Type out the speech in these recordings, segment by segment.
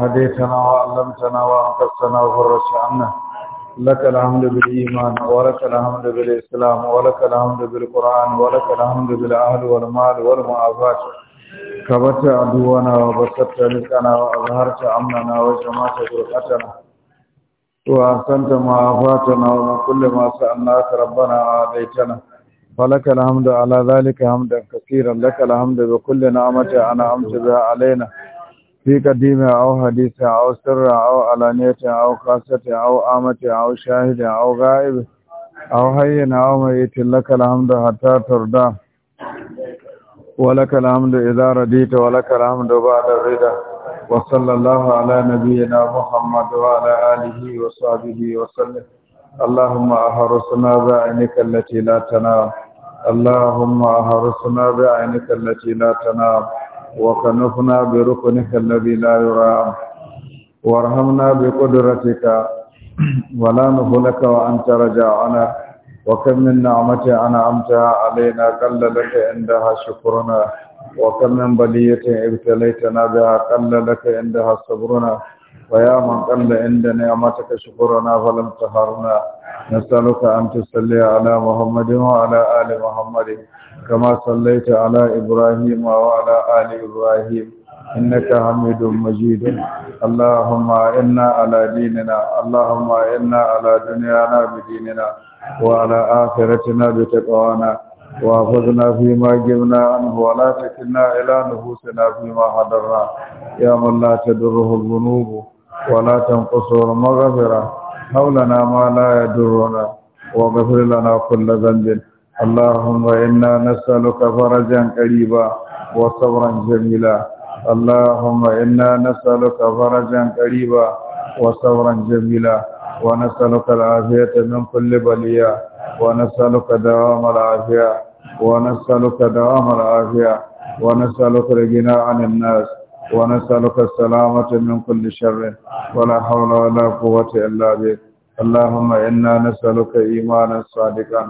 هديتنا وعلمتنا وأنقذتنا وفرجت عنا لك الحمد بالإيمان ولك الحمد بالإسلام ولك الحمد بالقرآن ولك الحمد بالأهل والمال والمعافاة كبت عدونا وبسطت رزقنا وأظهرت أمننا وجمعت فرقتنا وأحسنت معافاتنا ومن كل ما سألناك ربنا عاديتنا فلك الحمد على ذلك حمدا كثيرا لك الحمد بكل نعمة أنعمت بها علينا fi kadima aw hadisa aw sirra aw alaniyata aw qasata aw amata aw shahida aw ghaib aw hayyana aw mayyit lakal hamdu hatta turda walakal hamdu idha radita walakal hamdu ba'da rida wa sallallahu ala nabiyyina muhammad wa ala alihi wa sahbihi wa sallam allahumma ahrisna bi'ainika allati la tanam allahumma ahrisna bi'ainika allati la وكنفنا بركنك الذي لا يرام وارحمنا بقدرتك ولا نهلك وأنت رجاءنا وكم من نعمة أنعمتها علينا قل لك عندها شكرنا وكم من بلية ابتليتنا بها قل لك عندها صبرنا ويا من قل عند نعمتك شكرنا فلم تهرنا نسألك أن تصلي على محمد وعلى آل محمد كما صليت على إبراهيم وعلى آل إبراهيم إنك حميد مجيد اللهم إنا على ديننا اللهم إنا على دنيانا بديننا وعلى آخرتنا بتقوانا وافقنا فيما جبنا عنه ولا تكلنا إلى نفوسنا فيما حضرنا يا من لا تدره الذنوب ولا تنقصه المغفرة حولنا ما لا يدرنا واغفر لنا كل ذنب اللهم إنا نسألك فرجا قريبا وصبرا جميلا اللهم إنا نسألك فرجا قريبا وصبرا جميلا ونسألك العافية من كل بلية ونسألك دوام العافية ونسألك دوام العافية ونسألك الغنى عن الناس ونسألك السلامة من كل شر ولا حول ولا قوة إلا بك اللهم إنا نسألك إيمانا صادقا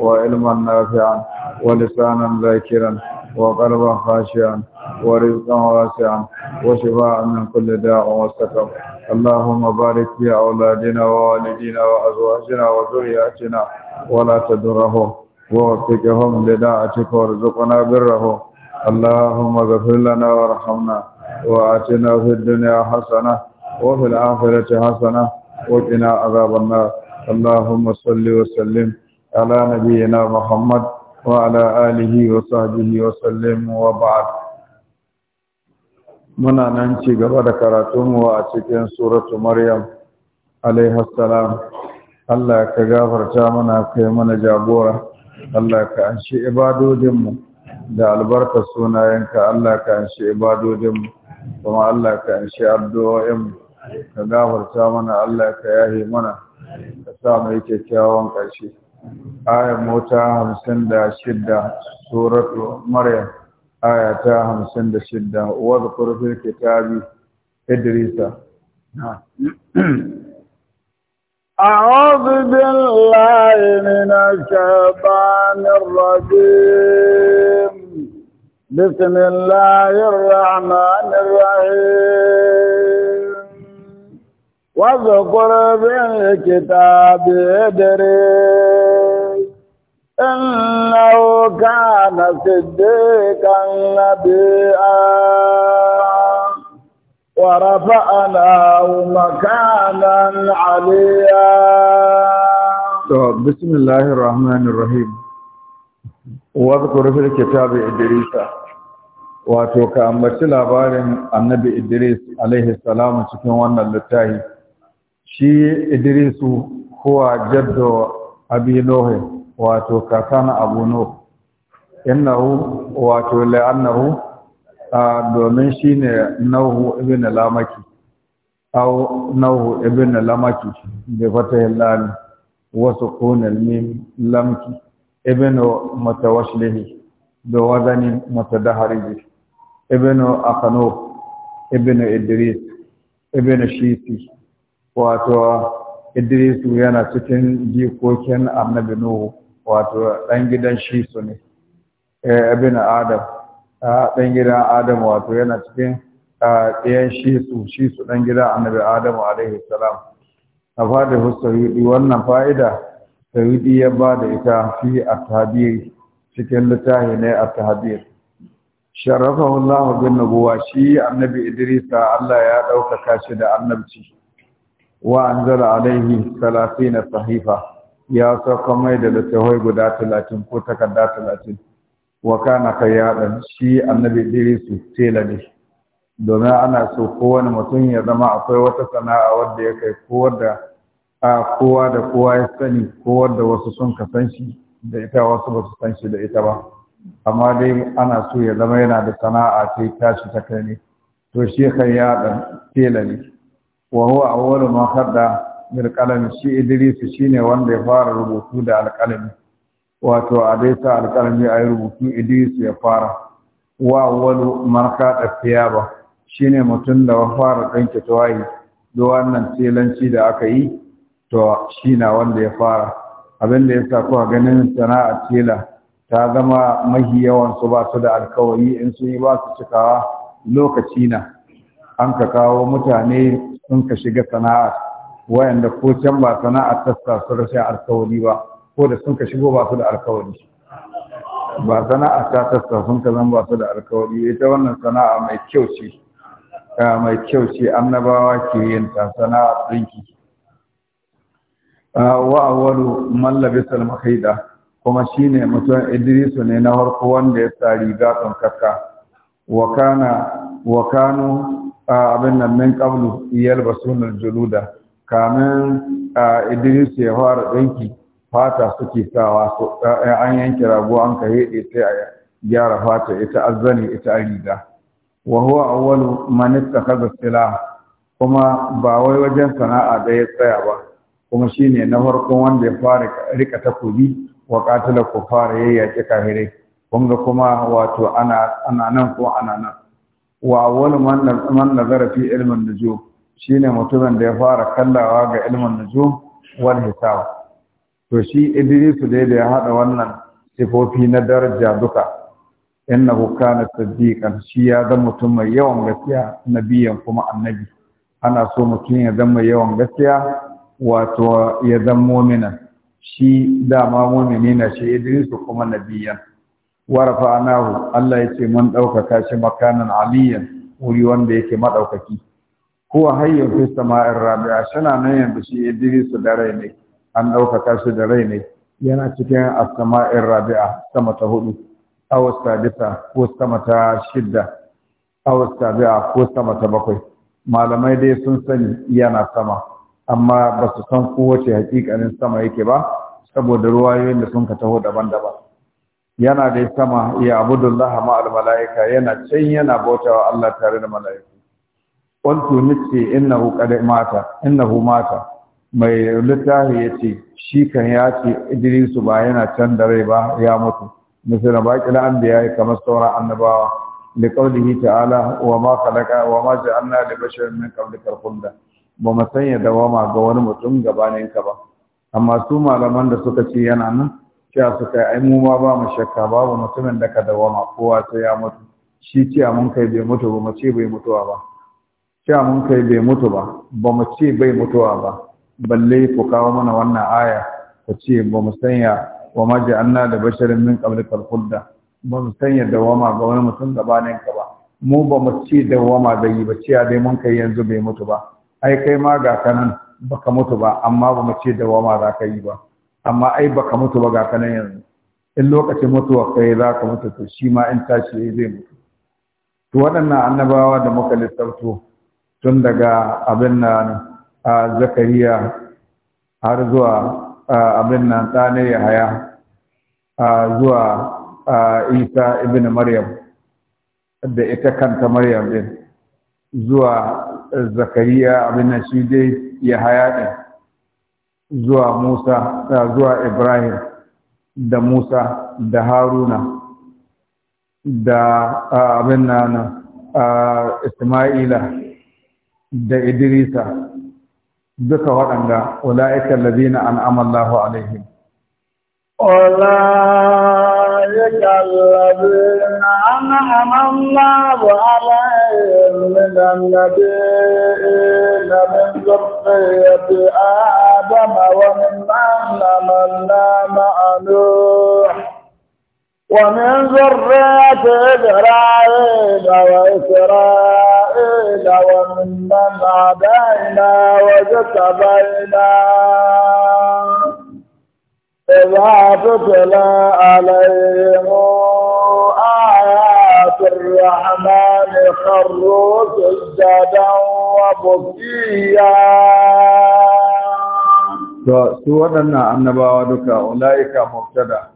وعلما نافعا ولسانا ذاكرا وقلبا خاشعا ورزقا واسعا وشفاء من كل داء وسقم اللهم بارك في أولادنا ووالدينا وأزواجنا وذرياتنا ولا تدرهم ووفقهم لداعتك وارزقنا برهم اللهم اغفر لنا وارحمنا وآتنا في الدنيا حسنة وفي الآخرة حسنة وقنا عذاب النار اللهم صل وسلم على نبينا محمد وعلى آله وصحبه وسلم وبعد muna nan cigaba gaba da karatunmu a cikin suratu maryam alaihi salam Allah ka gafarta mana kai mana jagora Allah ka anshi ibadodinmu da albarka sunayenka Allah ka anshi ibadodinmu kuma Allah ka anshi addu'o'inmu ka gafarta mana Allah ka yahi mana ka sa mai kyakkyawan ƙarshe ayar mota hamsin da shida, suratu maryam aya ta hamsin da shidda wadda kurfin kitabi idrisa أعوذ بالله من الشيطان الرجيم بسم الله الرحمن واذكر في الكتاب إدريس إنه كان صديقا نبيئا ورفعناه مكانا عليا بسم الله الرحمن الرحيم واذكر في الكتاب إدريس واتوكا ka ambaci النبي إدريس عليه السلام salamu cikin wannan shi idrisu huwa jaddo abi nohe wato kakana abu nohe innahu wato la'annahu domin shi ne nauhu ibn lamaki aw nauhu ibn lamaki da fata lal wa wasu al mim lamki ibn mutawashlihi da wazani mutadaharij ibn akhanu ibn idris ibn shisi wato idrisu yana cikin jikokin annabi nuhu wato ɗan gidan shi su ne abin eh, adam ɗan gidan adam wato yana cikin ɗayan shi su shi su ɗan gidan annabi adam alaihi salam a fada hussaruɗi wannan fa'ida saruɗi ya ba da ita fi a tabiri cikin littafi ne a tabiri sharafa Allah bin nabuwa shi annabi Idrisa Allah ya ɗaukaka shi da annabci wa anzala alaihi na sahifa ya sauka mai da littafai guda talatin ko takarda talatin wa kai yaɗa? shi annabi Idris tela ne domin ana so kowane mutum ya zama akwai wata sana'a wadda ya kai kowar da a kowa da kowa ya sani kowar da wasu sun ka san shi da ita wasu ba su san shi da ita ba amma dai ana so ya zama yana da sana'a ta tashi ta kai ne to shi kai yaɗa tela ne wa huwa awwalu ma khadda min qalam shi Idris shi ne wanda ya fara rubutu da alqalami wato a dai sa alqalami ayi rubutu Idris ya fara wa awwalu man khadda tiyaba ne mutum da ya fara danke tawayi do wannan telanci da aka yi to shi na wanda ya fara abin da ya sa ganin sana'a tela ta zama mahi yawan su ba su da alkawari in sun yi ba su cikawa lokaci na an ka kawo mutane sun ka shiga sana'a wayanda ko can ba sana'a ta su rashin alkawari ba ko da sun ka shigo ba su da alkawari ba sana'a ta ta sun ka zan ba su da alkawari ita wannan sana'a mai kyau ce mai kyau ce annabawa ke yin ta sana'a tsinki ah, wa awwalu man labisa al mahida kuma shine mutum Idrisu ne na farko wanda ya sa riga tsankaka wa kana wa kanu abin nan min iyal basunul juluda kamin Idris ya fara danki fata suke sawa an yanke rago an ka heɗe sai a gyara fata ita azzani ita riga wa huwa awwalu man ittakhadha silah kuma ba wai wajen sana'a da ya tsaya ba kuma shine na farko wanda ya fara rika takobi wa qatala kufara yayyake kafirai kuma ga kuma wato ana ana nan ko ana nan wa wani man nazara fi ilmin nujum shine mutumin da ya fara kallawa ga ilmin nujum wal hisab to shi idrisu dai da ya haɗa wannan sifofi na daraja duka innahu kana siddiqan shi ya zama mutum mai yawan gaskiya nabiyan kuma annabi ana so mutum ya zama yawan gaskiya wato ya zama mu'mina shi dama mu'mini na shi Idris kuma nabiyan wa anahu Allah yace mun ɗaukaka shi makanan aliyan wuri wanda yake madaukaki huwa hayyun fi sama'ir rabi'a shana nan yanzu shi Idris da rai ne an ɗaukaka shi da rai ne yana cikin as-sama'ir rabi'a sama ta hudu aw sadisa ko sama ta shidda aw sabi'a ko sama ta bakwai malamai dai sun sani yana sama amma ba su san kowace hakikanin sama yake ba saboda ruwayoyin da sun ka taho daban-daban yana da sama ya abudullah ma al malaika yana can yana bautawa Allah tare da malaiku qultu nitsi innahu qad mata innahu mata mai littafi yace shi kan ya ce Idrisu ba yana can da rai ba ya mutu misal an la yayi kamar sauran annabawa li qawlihi ta'ala wa ma khalaqa wa ma ja'alna li basharin min khulda ba mu sanya dawama ga wani mutum gabanin ka ba amma su malaman da suka ce yana nan cewa suka ai mu ma ba mu shakka babu mutumin da ka dawama kowa sai ya mutu shi cewa mun kai bai mutu ba mu ce bai mutuwa ba a mun kai bai mutu ba ba mu ce bai mutuwa ba balle ku kawo mana wannan aya ku ce ba mu sanya wa ma ja'alna da basharin min qablikal kalkudda ba mu sanya dawama ga wani mutum gabanin ka ba mu ba mu ce dawama da yi ba a dai mun kai yanzu bai mutu ba ai kai ma ga kanan baka mutu ba amma ba mu ce dawama za ka yi ba amma ai baka mutu ba ga kanan yanzu in lokacin mutuwa kai za ka mutu to shi ma in tashi zai mutu to waɗannan annabawa da muka lissafto tun daga abin nan a zakariya har zuwa abin nan ɗane ya zuwa isa ibn maryam da ita kanta maryam din zuwa zakariya abin nan shi dai yahaya haya zuwa Musa zuwa Ibrahim da Musa da Haruna da abin nan Isma'ila da Idrisa duka waɗanda ula'ikan ladina an'amallahu alaihim. Allah أولئك الذين أنعم الله عليهم من النبيين من ذرية آدم وممن لمنا مع نوح ومن ذرية إبراهيم وإسرائيل وممن هدينا واجتبينا إذا تتلى عليهم آيات الرحمن خروا سجدا وبكيا to su waɗannan annabawa duka ula'ika mubtada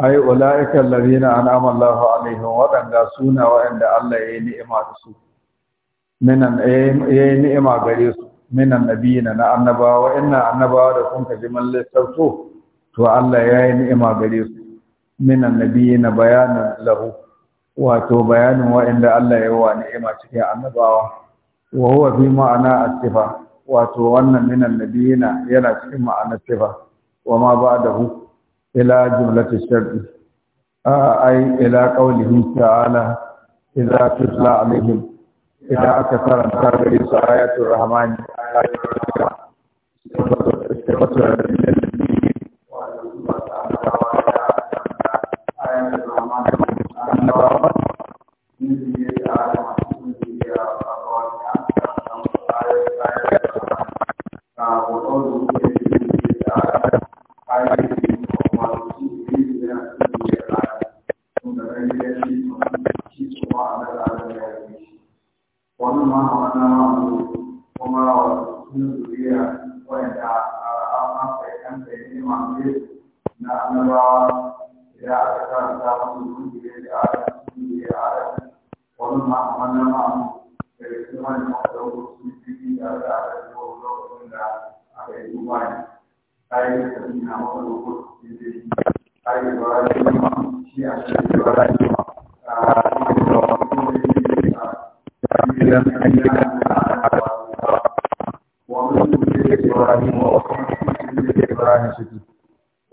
ai ula'ika allazina an'ama Allahu alaihim waɗanda suna waɗanda Allah ya yi ni'ima da su minan ya yi ni'ima gare su minan nabiyina na annabawa inna annabawa da kun ka ji man to Allah ya yi ni'ima gare su min annabi na bayanin lahu wato bayanin wa'inda Allah ya yi wa ni'ima cikin annabawa wa huwa fi ma'ana as-sifa wato wannan min annabi yana cikin ma'anar sifa wa ma ba'dahu ila jumlatish shar'i ai ila qawlihi ta'ala idza tutla alaihim إذا أكثر من آيات الرحمن آيات الرحمن and the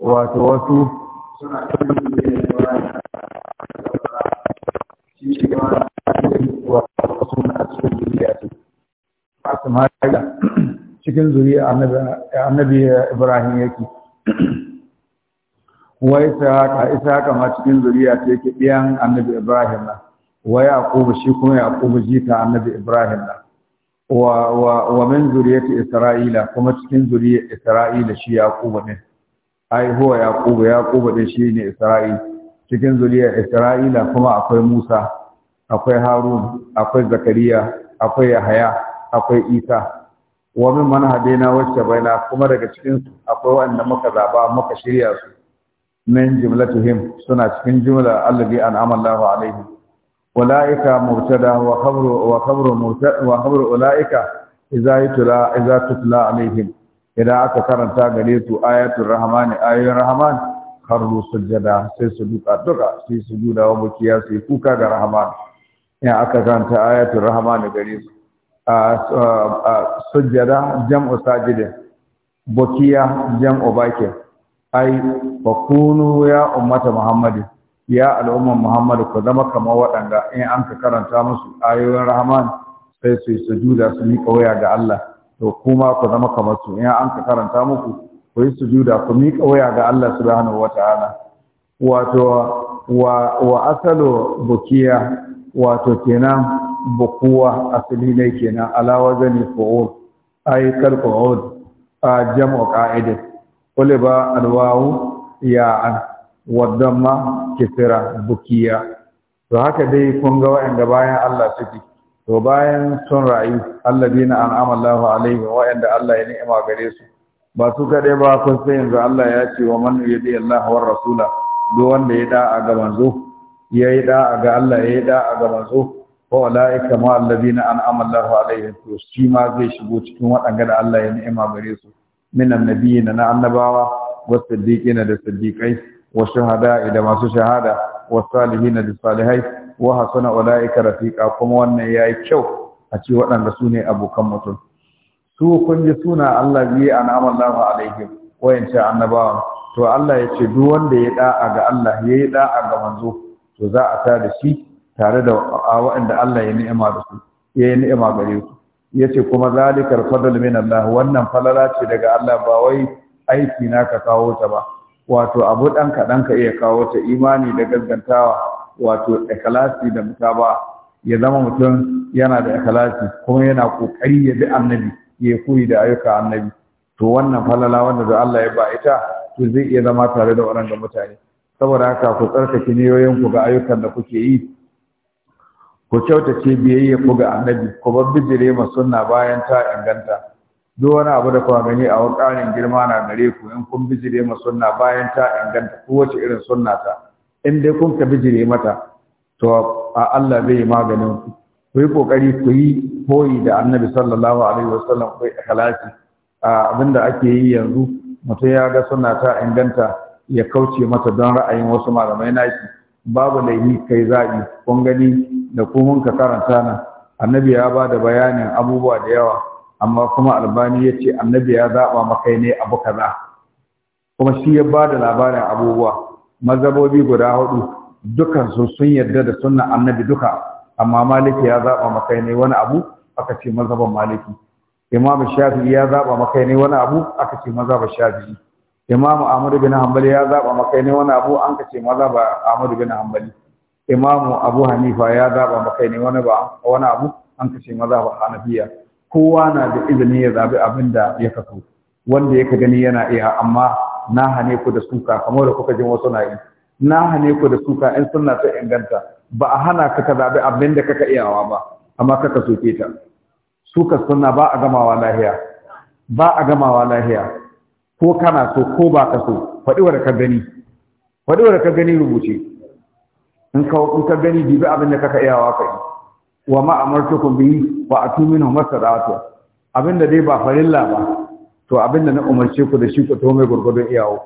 wato wasu suna cikin zuriya annabi ibrahim yake wai sahaka isaka ma cikin zuriya ta ke biyan annabi ibrahim na wai yaqubu shi kuma yaqubu jita annabi ibrahim na wa wa wa min zuriyati isra'ila kuma cikin zuriyar isra'ila shi yaqubu ne ai huwa yaqubu yaqubu shi ne isra'il cikin zuriyar isra'ila kuma akwai musa akwai harun akwai zakariya akwai yahaya akwai isa wa min man hadaina wa shabaina kuma daga cikin su akwai wanda muka zaba muka shirya su min jumlatuhum suna cikin jumla allazi an'ama Allahu alaihim ulaika murtada wa khabru wa khabru wa khabru ulaika idza tutla idza tutla alaihim idan aka karanta gare su ayatul rahman ayatul rahman sujada sai su duka duka sai su duda wa mukiya sai kuka ga rahman in aka karanta ayatul rahman gare su sujada jam'u sajidin bukiya jam'u bakir ai fakunu ya ummata muhammadin ya al'umman Muhammad ku zama kamar waɗanda in an karanta musu ayoyin Rahman sai su yi sujuda su miƙa waya ga Allah to kuma ku zama kamar su in an ka karanta muku ku yi sujuda ku miƙa waya ga Allah subhanahu wata'ala wato wa wa asalu bukiya wato kenan bukuwa asali ne kenan ala wazani fu'ul ay kal fu'ul jam'u qa'idin quliba alwawu ya'an wadamma kisira bukiya to haka dai kun ga wa'anda bayan Allah suke to bayan sun rayu alladina an'ama Allahu alaihi wa'anda Allah ya ni'ima gare su ba su kaɗai ba kun sai yanzu Allah ya ce wa man yadi Allah war rasula duk wanda ya ga manzo ya yi da'a ga Allah ya yi da'a ga manzo wa ulaika ma alladina an'ama Allahu alaihi to shi ma zai shigo cikin waɗanda da Allah ya ni'ima gare su minan nabiyina na annabawa wa siddiqina da siddiqai wa shuhada da masu shahada wa salihina da salihai wa hasuna ulaika rafiqa kuma wannan yayi kyau a ce waɗanda su ne abokan mutum su kun ji suna Allah bi an'ama Allahu wayan wayance annabawa to Allah ya ce duk wanda ya da'a ga Allah ya yi da'a ga manzo to za a tada shi tare da waɗanda Allah ya ni'ima da su ya ni'ima gare su yace kuma zalikar fadl min Allah wannan falala ce daga Allah ba wai aiki na ka kawo ta ba wato abu dan ka dan ka iya kawo ta imani da gaggantawa wato ikhlasi da mutaba ya zama mutum yana da ikhlasi kuma yana kokari ya bi annabi ya koyi da ayyuka annabi to wannan falala wanda da Allah ya ba ita to zai iya zama tare da waɗannan mutane saboda haka ku tsarkake niyoyin ku ga ayyukan da kuke yi ku kyautace biyayya ku ga annabi ku bar bijire ma sunna bayan ta inganta duk wani abu da kuma gani a wakarin girma na gare ku in kun bijire ma sunna bayan ta inganta kowace irin sunna ta in dai kun ka bijire mata to a Allah bai yi maganin ku ku yi kokari ku yi koyi da annabi sallallahu alaihi wasallam ku yi abin abinda ake yi yanzu mutum ya ga suna ta inganta ya kauce mata don ra'ayin wasu malamai naki babu laifi kai zaɓi kun gani da kuma ka karanta nan annabi ya ba bayanin abubuwa da yawa amma kuma albani ya ce annabi ya zaɓa makai ne abu kaza kuma shi ya bada labarin abubuwa mazhabobi guda hudu dukan su sun yarda da sunna annabi duka amma maliki ya zaba maka ne wani abu aka ce mazhaban maliki imam shafi'i ya zaba maka ne wani abu aka ce mazhaban shafi'i imam ahmad bin hanbali ya zaba maka ne wani abu an ka ce mazhaban ahmad bin hanbali imam abu hanifa ya zaba maka ne wani ba wani abu an ka ce mazhaban hanafiya kowa na da izini ya zabi abin da ya kaso wanda yake gani yana iya amma na hane ku da suka kamar da kuka jin wasu na yi na hane ku da suka in sunna ta inganta ba a hana ka ka zabi abin da kaka iyawa ba amma kaka soke ta suka sunna ba a gamawa lahiya ba a gamawa lahiya ko kana so ko ba ka so faɗi wanda ka gani faɗi wanda ka gani rubuce in ka in ka gani dibi abin da kaka iyawa ka yi wa ma amartukum bihi wa atuminu minhu masadatu abinda dai ba farilla ba to abin da na umarce ku da shi ku tome gurgudun iyawo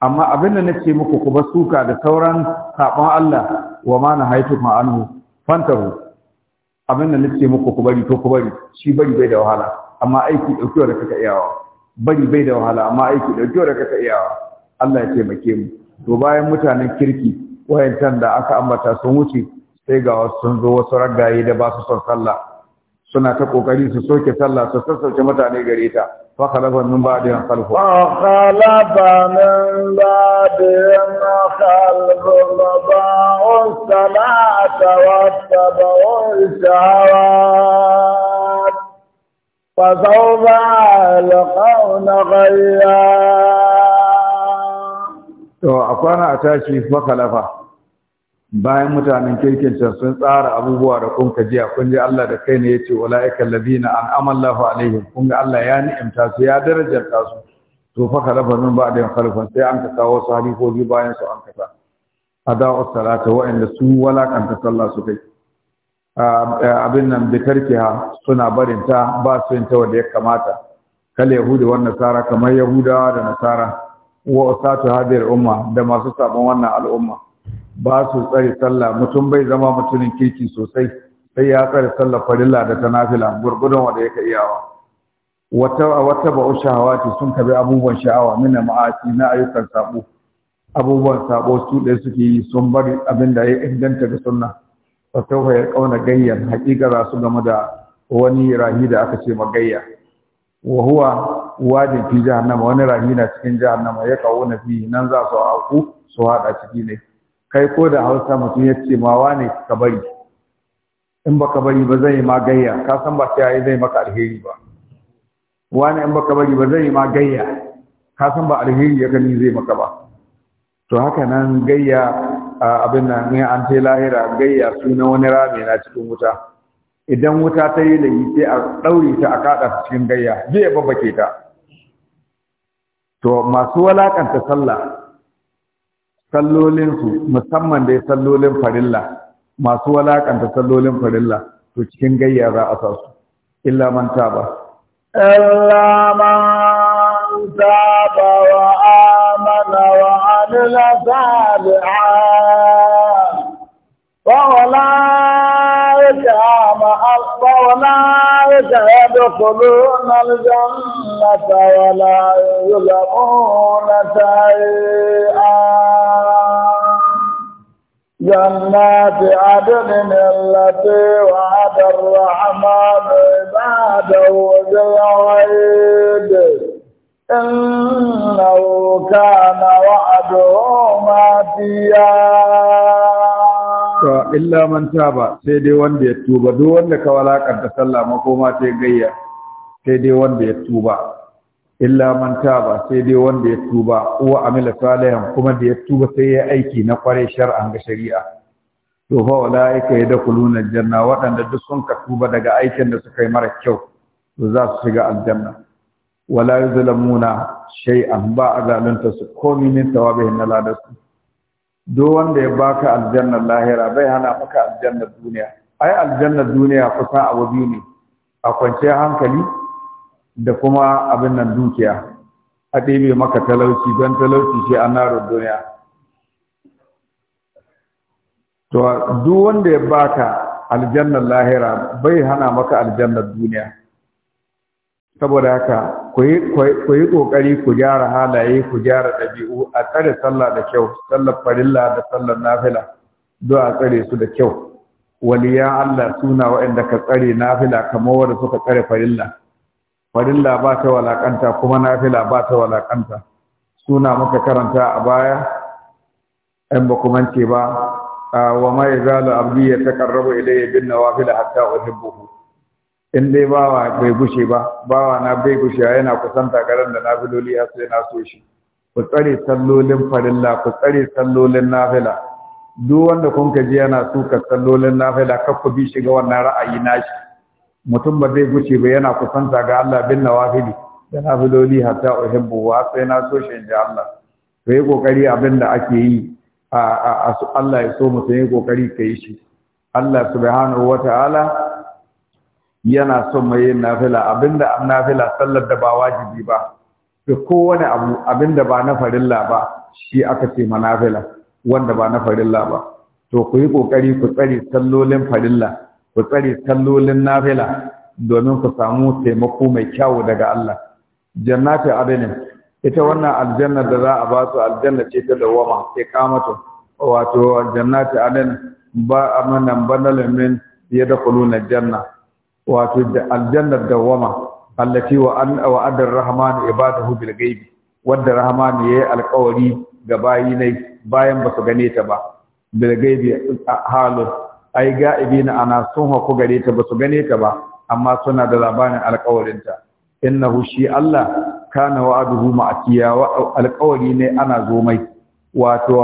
amma abin da nake muku ku ba suka da sauran sabon Allah wa ma nahaitu ma anhu fantahu abin da nake muku ku bari to ku bari shi bari bai da wahala amma aiki dauki da kaka iyawa bari bai da wahala amma aiki dauki da kaka iyawa Allah ya taimake mu to bayan mutanen kirki wayancan da aka ambata sun wuce sai ga wasu sun zo wasu ragaye da ba su son sallah suna ta kokari su soke sallah su sassauce mutane gare ta fa khalafa min an khalfu fa khalafa min ba'dihim khalfu mabau salata wa tabu shawat fa sawba alqawna ghayya to akwana a tashi fa khalafa bayan mutanen kirkin can sun tsara abubuwa da kun jiya kun ji Allah da kai ne yace ulaika allazina An amallahu alaihim kun ga Allah ya ni'imta su ya darajarta su to fa khalafa min ba'da khalafan sai an ka kawo su halifofi bayan su an kasa ada'u salata wa'anda su ta sallah su kai abin nan da tarkiha suna barin ta ba su yin ta wanda ya kamata kal yahudi wannan nasara kamar yahudawa da nasara wa usatu hadir umma da masu sabon wannan al'umma ba su tsare sallah mutum bai zama mutumin kirki sosai sai ya tsare sallah farilla da ta nafila gurgudun wanda yake iyawa wata wata ba'u ce sun kabi abubuwan sha'awa mina ma'aci na ayyukan sabo abubuwan sabo su ɗaya suke yi sun bari abin da ya inganta da sunna fa sawfa ya kauna gayyan haƙiƙa za su game da wani rahi da aka ce magayya wa huwa wajen fi jahannama wani rahi na cikin nama, ya kawo na fi nan za su auku su haɗa ciki ne kai ko da hausa mutum ya ce ma wane ka bari in baka bari ba zai ma gayya ka san ba sai yi zai maka alheri ba wane in baka bari ba zai ma gayya ka san ba alheri ya gani zai maka ba to haka nan gayya abin nan ne an ce lahira gayya na wani rami na cikin wuta idan wuta ta yi layi sai a ɗaure ta a kaɗa cikin gayya zai babbake ta to masu walakanta sallah sallolinsu musamman dai sallolin farilla masu walakanta sallolin farilla to cikin gayya za a sa su illa man taba illa man taba wa amana wa amila salihan wa wala فأولئك يدخلون الجنة ولا يظلمون شيئا جنات عدن التي وعد الرحمن da بالغيب إنه كان وعده ماتيا to illa man taba sai dai wanda ya tuba duk wanda ka walakar da sallah makoma sai gayya sai dai wanda ya tuba illa man taba sai dai wanda ya tuba wa amila salihan kuma da ya tuba sai ya aiki na kware shar'an ga shari'a to fa da kuluna Janna wadanda duk sun ka tuba daga aikin da suka yi mara kyau to za su shiga aljanna wala yuzlamuna shay'an ba azalunta su komi min tawabihin na ladasu duk wanda ya baka aljanna lahira bai hana maka aljanna duniya ai aljanna duniya kusan abu biyu ne a kwanciyar hankali da kuma abin nan dukiya a ɗebe maka talauci don talauci shi a narin duniya to duk wanda ya baka aljannar lahira bai hana maka aljannar duniya saboda haka ku yi ƙoƙari ku gyara halaye ku gyara ɗabi'u a tsare sallah da kyau sallar farilla da sallar nafila don a tsare su da kyau waliya Allah suna waɗanda ka tsare nafila kamar wanda suka tsare farilla farilla ba ta walakanta kuma nafila ba ta walakanta suna muka karanta a baya ɗan ba kuma ce ba wa ma ya zalu abdi ya binne ilayya bin nawafil hatta in dai bawa bai gushe ba bawa na bai gushe yana kusanta garin da nafiloli ya sai na so shi ku tsare sallolin farilla ku tsare sallolin nafila duk wanda kun ka ji yana suka sallolin nafila kar ku bi shiga wannan ra'ayi na shi. mutum ba zai guce ba yana kusanta ga Allah bin nawafili da nafiloli hatta uhibbu wa sai na so shi inji Allah to yi kokari abin da ake yi a Allah ya so mutum yi kokari ka yi shi Allah subhanahu wata'ala yana son mai yin nafila Abin an nafila sallar da ba wajibi ba ko kowane abu abin da ba na farilla ba shi aka ce ma nafila wanda ba na farilla ba to ku yi kokari ku tsare sallolin farilla ku tsare sallolin nafila domin ku samu taimako mai kyawu daga Allah Jannatin adnin ita wannan aljanna da za a ba su aljanna ce ta dawama kamato. wato jannatu adnin ba amanan banal min yadkhuluna janna wato aljanna dawama allati wa an wa adar rahman ibadahu bil ghaibi wanda rahman yayi alƙawari ga bayi ne bayan ba su gane ta ba bil ghaibi halu ai ga'ibina ana sun haku gare ta basu gane ta ba amma suna da labarin alƙawarinta inna innahu shi Allah kana wa'aduhu ma'atiya wa alƙawari ne ana zo mai wato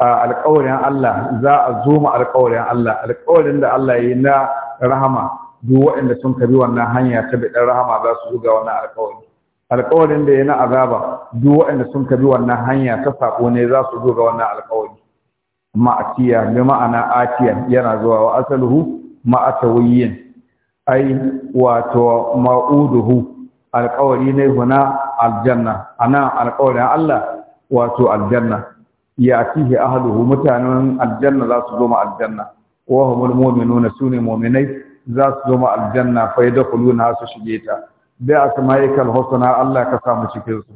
alƙawarin Allah za a zo ma alƙawarin Allah alƙawarin da Allah ya yi na rahama duk waɗanda sun kabi wannan hanya ta bidan rahama za su zuga wannan alƙawari alƙawarin da ya na azaba duk waɗanda sun karbi wannan hanya ta sako ne za su zuga wannan alƙawari ma'atiya bi ma'ana atiya yana zuwa wa asaluhu ma'atawiyin ai wato ma'uduhu alƙawari ne huna aljanna ana alƙawarin Allah wato aljanna ya tihi ahluhu mutanen aljanna za su zo ma aljanna wa humul mu'minuna sune mu'minai za su zoma aljanna fa yadkhuluna su shige ta bi asma'ikal husna Allah ka samu cikin su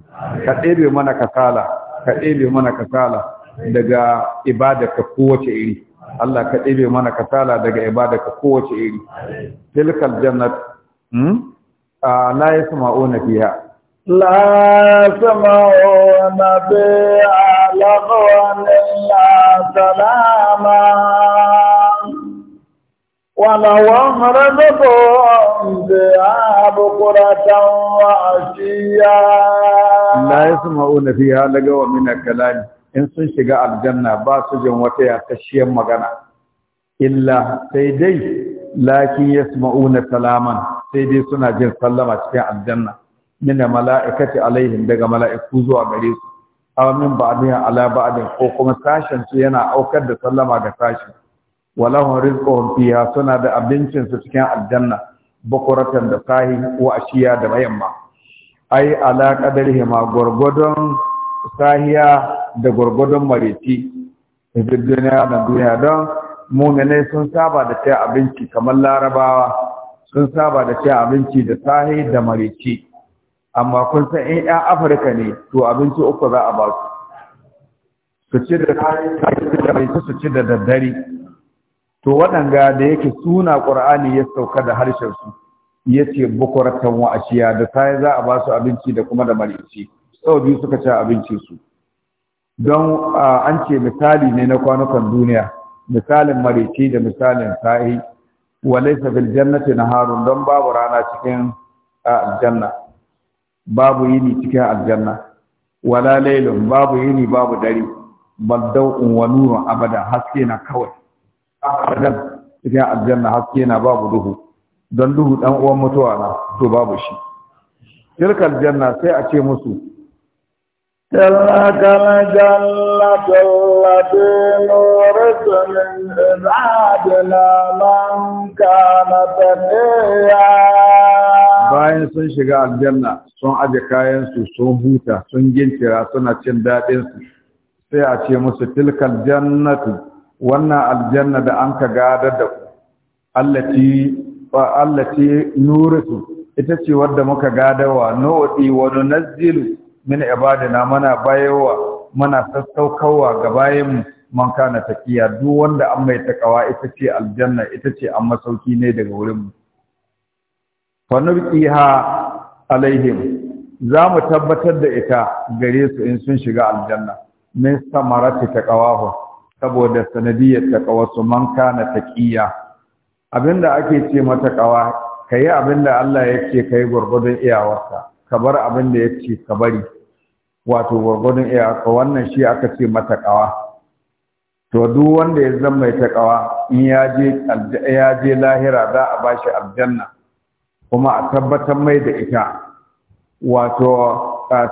ka ɗebe mana kasala ka ɗebe mana kasala daga ibadarka kowace iri Allah ka ɗebe mana kasala daga ibadarka kowace iri tilkal jannat hmm la yasma'una fiha la yasma'una fiha lagwan illa salama ولهم رزقهم فيها بكرة وعشيا لا يسمعون فيها لقوا من kalani. in sun shiga aljanna ba su jin wata yasasshiyar magana illa sai dai lakin yasma'una salaman sai dai suna jin sallama cikin aljanna min mala'ikati alaihim daga mala'iku zuwa gare su aw min ba'diha ala ba'din ko kuma sashen su yana aukar da sallama ga sashi walahum rizquhum fiha suna da abincin su cikin aljanna bukuratan da sahi wa ashiya da mayamma ai ala qadarihima gurgudun sahiya da gwargwadon mareci da duniya na duniya don muminai sun saba da ta abinci kamar larabawa sun saba da ta abinci da sahi da mareci amma kun san in ya afirka ne to abinci uku za a ba su su ci da sahi su ci da daddare to waɗanga da yake suna ƙur'ani ya sauka da harshensu ya ce bukuratan wa'ashiya da sahi za a ba su abinci da kuma da marici sau biyu suka ci abinci su don an ce misali ne na kwanukan duniya misalin marici da misalin sa'i walaisa bil jannati naharun don babu rana cikin aljanna babu yini cikin aljanna wala lailun babu yini babu dare bal daw'un wa nurun abada haske na kawai abadan cikin aljanna haske na babu duhu don duhu dan uwan mutuwa na to babu shi tilkal janna sai a ce musu تلك bayan sun shiga aljanna sun aje kayansu sun huta sun gincira suna cin daɗinsu sai a ce musu tilkal jannatu wannan aljanna da an ka gada da ku allati allati ita ce wadda muka gadarwa nu'ti wa nunazzilu min ibadina mana bayowa mana sassaukawa ga bayan man kana taqiya duk wanda an mai takawa ita ce aljanna ita ce an masauki ne daga wurin mu fa nurqiha alaihim za mu tabbatar da ita gare su in sun shiga aljanna min samarati taqawahu saboda sanadiyar taqawarsu man kana taqiya abinda ake ce mata kawa kayi abinda Allah yake kai gwargwadon iyawarka ka bar abin da ya ce ka bari wato gwargwadon iyaka wannan shi aka ce mata to duk wanda ya zama mai taƙawa in ya je lahira za a ba shi aljanna kuma a tabbatar mai da ita wato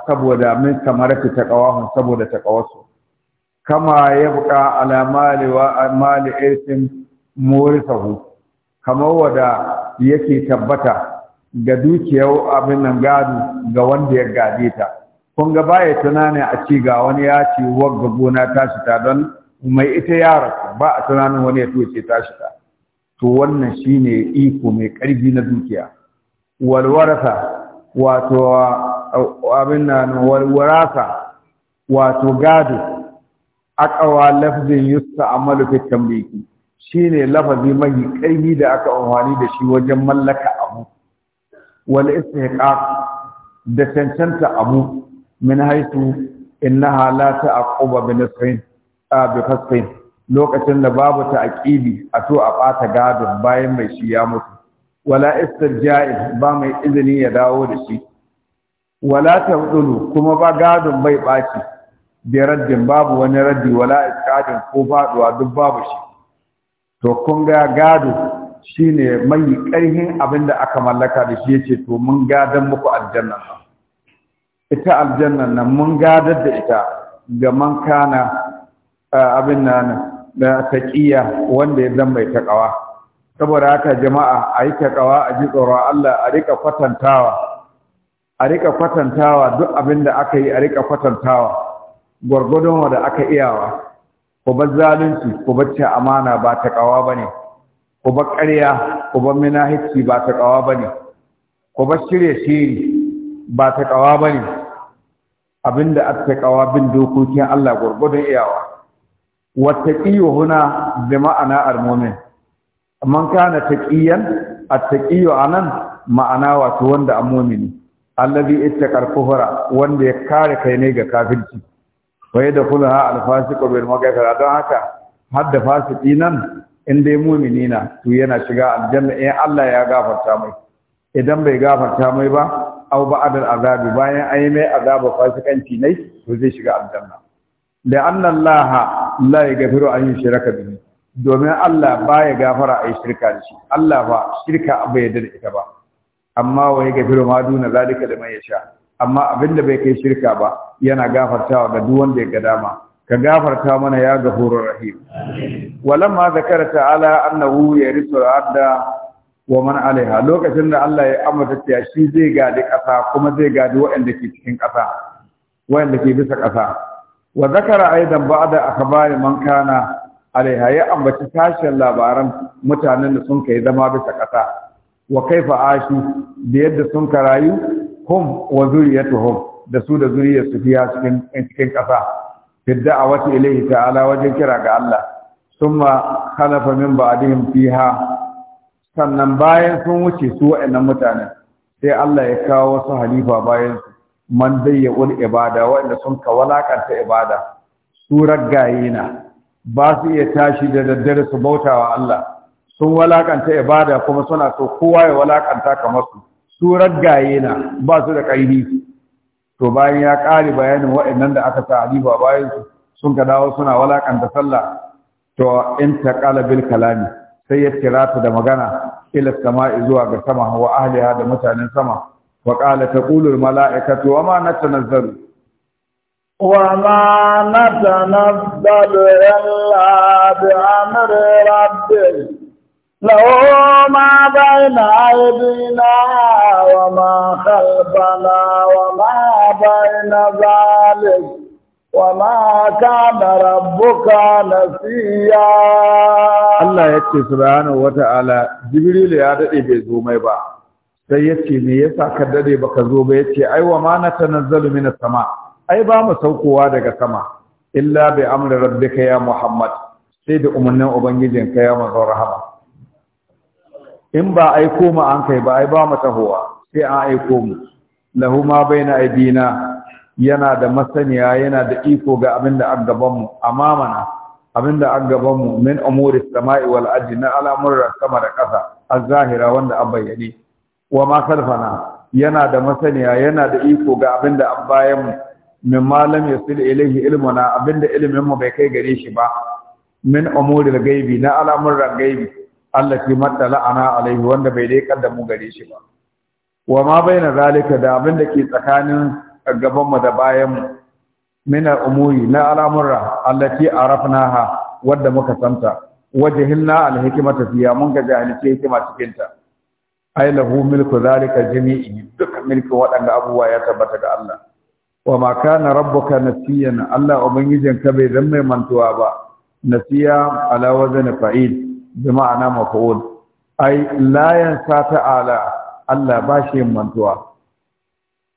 saboda min kamar ta kawa saboda ta kama ya buƙa alamali wa mali irsin morisahu kamar wada yake tabbata ga dukiyar abin nan gado ga wanda ya gade ta kun ga baya tunani a ci ga wani ya ce wagga gona ta shi ta don mai ita yara ba a tunanin wani ya tuce ta shi to wannan shi ne iko mai karfi na dukiya walwarasa wato abin nan walwarasa wato gado akawa lafzin yusta a tambayi shi shine lafazi mai karfi da aka amfani da shi wajen mallaka abu wal istihqaq da cancanta abu min haitu innaha la ta'quba bi nasrin bi fasqin lokacin da babu ta'qibi a to a bata gadon bayan mai shi ya mutu wala istirja'i ba mai izini ya dawo da shi wala tabdulu kuma ba gadon bai baci bi raddin babu wani raddi wala iskadin ko faduwa duk babu shi to kun ga gado Shi ne mai ƙarhin abin da aka mallaka da shi yace to mun gadan muku aljanna ita aljanna nan mun gadar da ita ga man kana abin nan da taqiya wanda ya zama mai taƙawa. saboda haka jama'a a yi taƙawa a ji tsoron Allah a rika kwatantawa a rika kwatantawa duk abin da aka yi a rika kwatantawa gwargwadon wanda aka iyawa ko bar zalunci ko bacci amana ba ba bane ko ba ƙarya ko ba minahici ba ta ƙawa ba ne ko ba shirya shiri ba ta ƙawa ba ne abinda a ta ƙawa bin dokokin Allah gwargwadon iyawa wata ƙiyo huna da ma'ana almomin man kana ta ƙiyo a nan ma'ana wato wanda amumini allazi ita kufra wanda ya kare kai ne ga kafirci wa da al-fasiqu bil maghfira don haka Har da fasiki nan in dai mumini na to yana shiga aljanna in Allah ya gafarta mai idan bai gafarta mai ba aw ba'dal azabi bayan ayi mai azaba fasikanci nai to zai shiga aljanna la'anna Allah la yaghfiru an yushraka bihi domin Allah baya gafara ayi shirka da shi Allah ba shirka bai yarda da ita ba amma wa yaghfiru ma duna zalika liman yasha amma abinda bai kai shirka ba yana gafartawa ga duk wanda ya ga dama ka gafarta mana ya gafurur rahim walamma zakara ta'ala annahu yarisu adda wa man alaiha lokacin da Allah ya amurta ta shi zai gadi kasa kuma zai gadi waɗanda ke cikin ƙasa waɗanda ke bisa kasa wa zakara aidan ba'da akhbari man kana alaiha ya ambaci tashin labaran mutanen da sun kai zama bisa ƙasa wa kaifa ashu da yadda sun rayu hum wa zuriyatuhum da su da zuriyar su fiya cikin cikin ƙasa fi da'awati ilayhi ta'ala wajen kira ga Allah summa khalafa min ba'dihim fiha sannan bayan sun wuce su wa'annan mutanen sai Allah ya kawo wasu halifa bayan su man dayyul ibada wanda sun kawalakanta ibada su raggayina ba su iya tashi da daddare su bautawa Allah sun walakanta ibada kuma suna so kowa ya walakanta kamar su su raggayina na ba su da kaihi. to bayan ya ƙare bayanin waɗannan da aka sa aliba bayan su sun ka dawo suna walakanta sallah to in ƙala bil kalami sai ya kira ta da magana ila sama'i zuwa ga sama wa ahliha da mutanen sama wa qala taqulu al mala'ikatu wa ma natanazzalu وما نتنزل إلا بأمر له ما بين أيدينا وما خلفنا وما بين ذلك وما كان ربك نسيا الله يكفي سبحانه وتعالى جبريل يا bai zo mai ba sai yace me yasa ka daɗe dade ka zo ba yace ai wa ma natanazzalu min sama ai ba mu saukowa daga sama illa bi amri rabbika ya muhammad sai da umarnin ubangijinka ya manzo rahama in ba aiko mu an kai ba ai ba mu tahowa sai an aiko mu lahu ma baina aidina yana da masaniya yana da iko ga abin da an gaban mu amamana abin da an gaban mu min umuri samai wal ardi na al'amuran sama da ƙasa az-zahira wanda an bayyane wa ma khalfana yana da masaniya yana da iko ga abin da an bayan mu min malam yasil ilaihi ilmuna abin da ilimin mu bai kai gare shi ba min umuri al ghaibi na al'amuran ghaibi. Allah ki mattala a alaihi wanda bai dai mu gare shi ba wa ma baina zalika da abin da ke tsakanin gaban mu da bayan mu min al-umuri na al'amura allati arafnaha wadda muka santa wajhilna al-hikmata fiya mun ga jahilci hikima cikin ta ai lahu milku zalika jami'i duk milki waɗanda abubuwa ya tabbata ga Allah wa ma kana rabbuka nasiyan Allah ubangijinka bai zan mai mantuwa ba nasiya ala wazn fa'il bima'ana na maf'ul ai la yansa ta'ala Allah ba shi yin mantuwa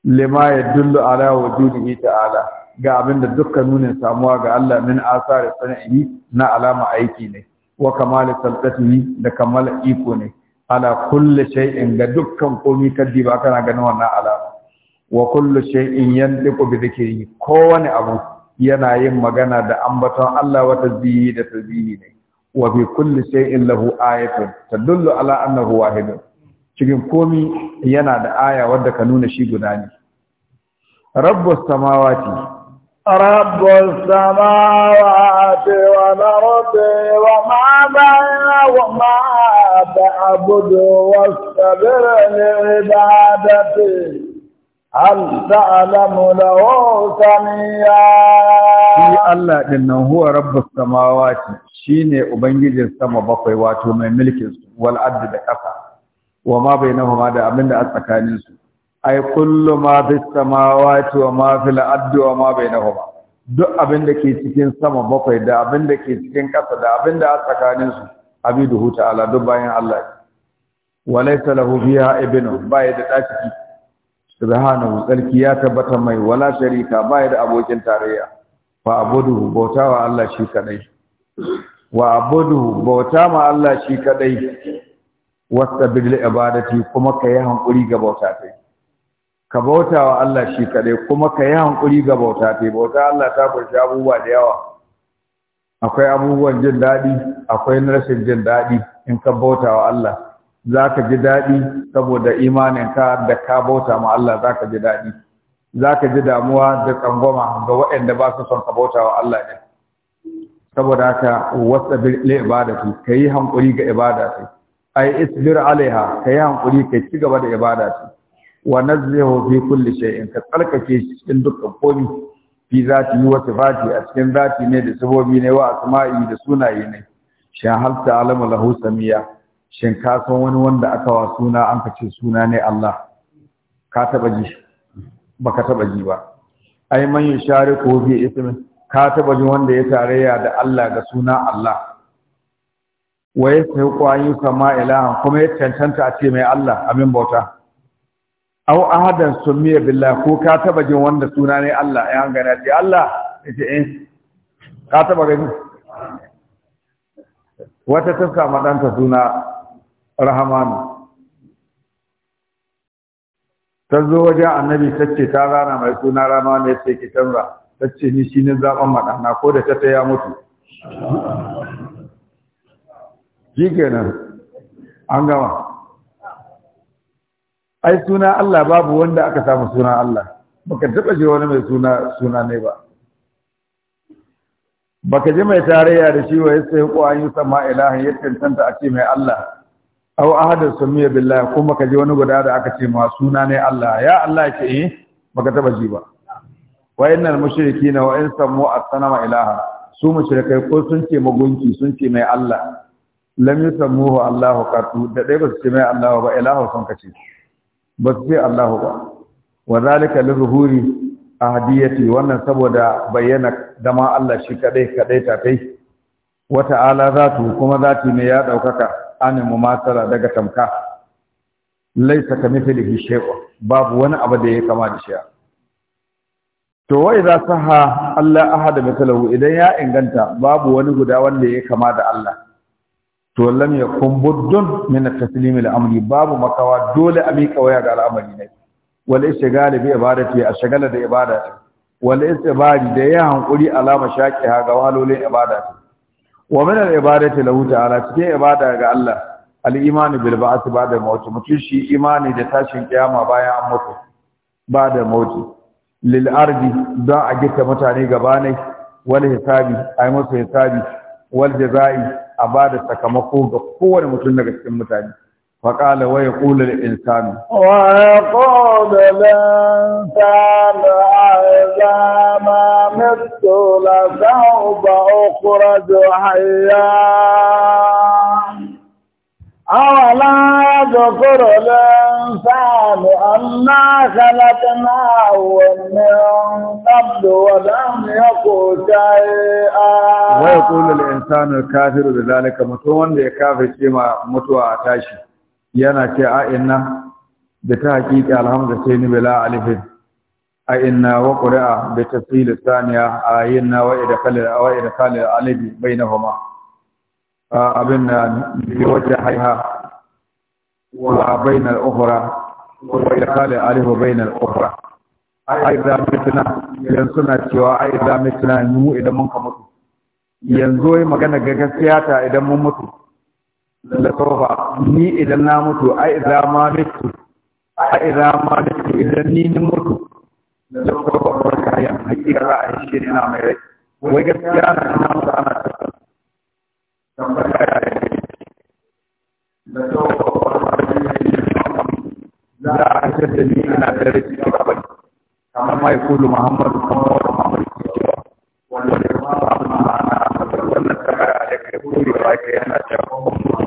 lima yadullu ala wujudihi ta'ala ga abin da dukkan nunin samuwa ga Allah min asari sana'i na alama aiki ne wa kamali salqatihi da kamala iko ne ala kulli shay'in ga dukkan komai kaddi ba kana ganin wannan alama wa kullu shay'in yantiqu bi dhikri kowane abu yana yin magana da ambaton Allah wata zihi da tazihi ne wa bi kulli shay'in lahu ayatun tadullu ala annahu wahid cikin komi yana da aya wadda ka nuna shi guda ne rabbus samawati رب السماوات والأرض وما بينهما تعبد واستبر ibadati hal ta'lamu lahu samiya shi Allah din nan huwa rabbus samawati shine ubangijin sama bakwai wato mai mulkin su wal ard da ƙasa wa ma bainahuma da abinda a tsakanin su ai kullu ma fis samawati wa ma fil ard wa ma bainahuma duk abinda ke cikin sama bakwai da abinda ke cikin ƙasa da abinda a tsakanin su abiduhu ta'ala bayan Allah walaysa lahu fiha ibnu bai da ɗaki subhanahu tsarki ya tabbata mai wala sharika ba da abokin tarayya fa abudu bauta wa Allah shi kadai wa abudu bauta ma Allah shi kadai wasta bil ibadati kuma ka yi hankuri ga bauta tai ka bauta wa Allah shi kadai kuma ka yi hankuri ga bauta tai bauta Allah ta kunshi abubuwa da yawa akwai abubuwan jin daɗi akwai na rashin jin daɗi in ka bauta wa Allah za ka ji daɗi saboda imaninka da ka bauta ma Allah za ka ji daɗi za ka ji damuwa da tsangwama ga waɗanda ba su son ka bauta wa Allah ne saboda haka wasa li ibadati kai hankuri ga ibadati ai isbir alaiha kai hankuri kai ci gaba da ibadati wa nazzihu fi kulli shay'in ka tsalkake shi cikin dukkan komai fi zati wa sifati a cikin zati ne da sabobi ne wa asma'i da sunaye ne shahalta alamu lahu samiya shin ka san wani wanda aka wa suna an ka ce suna ne Allah ka taba ji ba ka taba ji ba ai man yushariku fi ismin ka taba ji wanda ya tarayya da Allah ga suna Allah wa yasahu qayyum kama ilahan kuma ya cancanta a ce mai Allah amin bauta au ahadan sumiya billah ko ka taba jin wanda suna ne Allah ya hangana ce Allah ce eh ka taba gani wata ta samu ɗanta suna rahamanu ta zo wajen annabi ta ce ta rana mai suna rahamanu ya ce ki canza ta ce ni shi ne zaɓen maɗana ko da ta ta ya mutu shi kenan an gama ai suna Allah babu wanda aka samu suna Allah baka taɓa ji wani mai suna suna ne ba baka ji mai tarayya da shi wa yasa yi ƙwayin sama ilahin yadda tantanta a ce mai Allah aw ahadar samiya billahi ko ka ji wani guda da aka ce ma suna ne Allah ya Allah ke eh baka taba ji ba wa al mushrikeena wa in samu as-sanama ilaha su mushrikai ko sun ce magunki sun ce mai Allah lam yusammuhu Allahu qatu da dai ba su ce mai Allah ba ilaha sun kace ba su ce Allah ba wa zalika li zuhuri ahdiyati wannan saboda bayyana dama Allah shi kadai kadai ta kai wa ta'ala zatu kuma zati ne ya daukaka an mumasara daga tamka laisa kamithlihi shay'un babu wani abu da ya kama da shi to wai za saha Allah ahada mithlahu idan ya inganta babu wani guda wanda ya kama da Allah to lam yakun buddun min taslim al-amri babu makawa dole a mika waya ga al'amari ne wal ishgal bi ibadati a shagala da ibadati wal istibari da ya hankuri alama shaqiha ga walolin ibadati wa min al-ibadati lahu ta'ala cikin ibada ga Allah al-imani bil ba'th ba'da maut mutum shi imani da tashin kiyama bayan an mutu ba'da maut lil ardi don a gita mutane ne, wal hisabi ai musu hisabi wal jazai a da sakamako ga kowane mutum daga cikin mutane فقال ويقول الإنسان ويقول الإنسان إذا ما مت لسوف أخرج حيا أولا يذكر الإنسان أنا خلقناه من قبل ولم يكن شيئا ويقول الإنسان الكافر بذلك متون لكافر شيما متوى تاشي yana ce a inna da ta haƙiƙi alhamdu sai ni bila alifin a inna wa ƙuri'a da tafsir saniya a inna wa idkhal wa idkhal alif bainahuma abin na bi wajha haiha wa bain al-ukhra wa idkhal alibi bain al-ukhra a da mutuna yan suna cewa a da mutuna mu idan mun ka mutu yanzu wai magana ga gaskiya ta idan mun mutu la tawfa ni idan na mutu ai idan ma mutu ai idan ma mutu idan ni ni mutu la tawfa barka ya hakika za a yi shi na mai rai wai gaskiya na ina mutu ana dan barka ya yi la tawfa barka ya yi za a shirya ni ina da rai cikin kabari kamar ma kulu muhammadu kamar wata mamari cewa wanda ya fara ma'ana wannan a da kai kuri ba ke yana cewa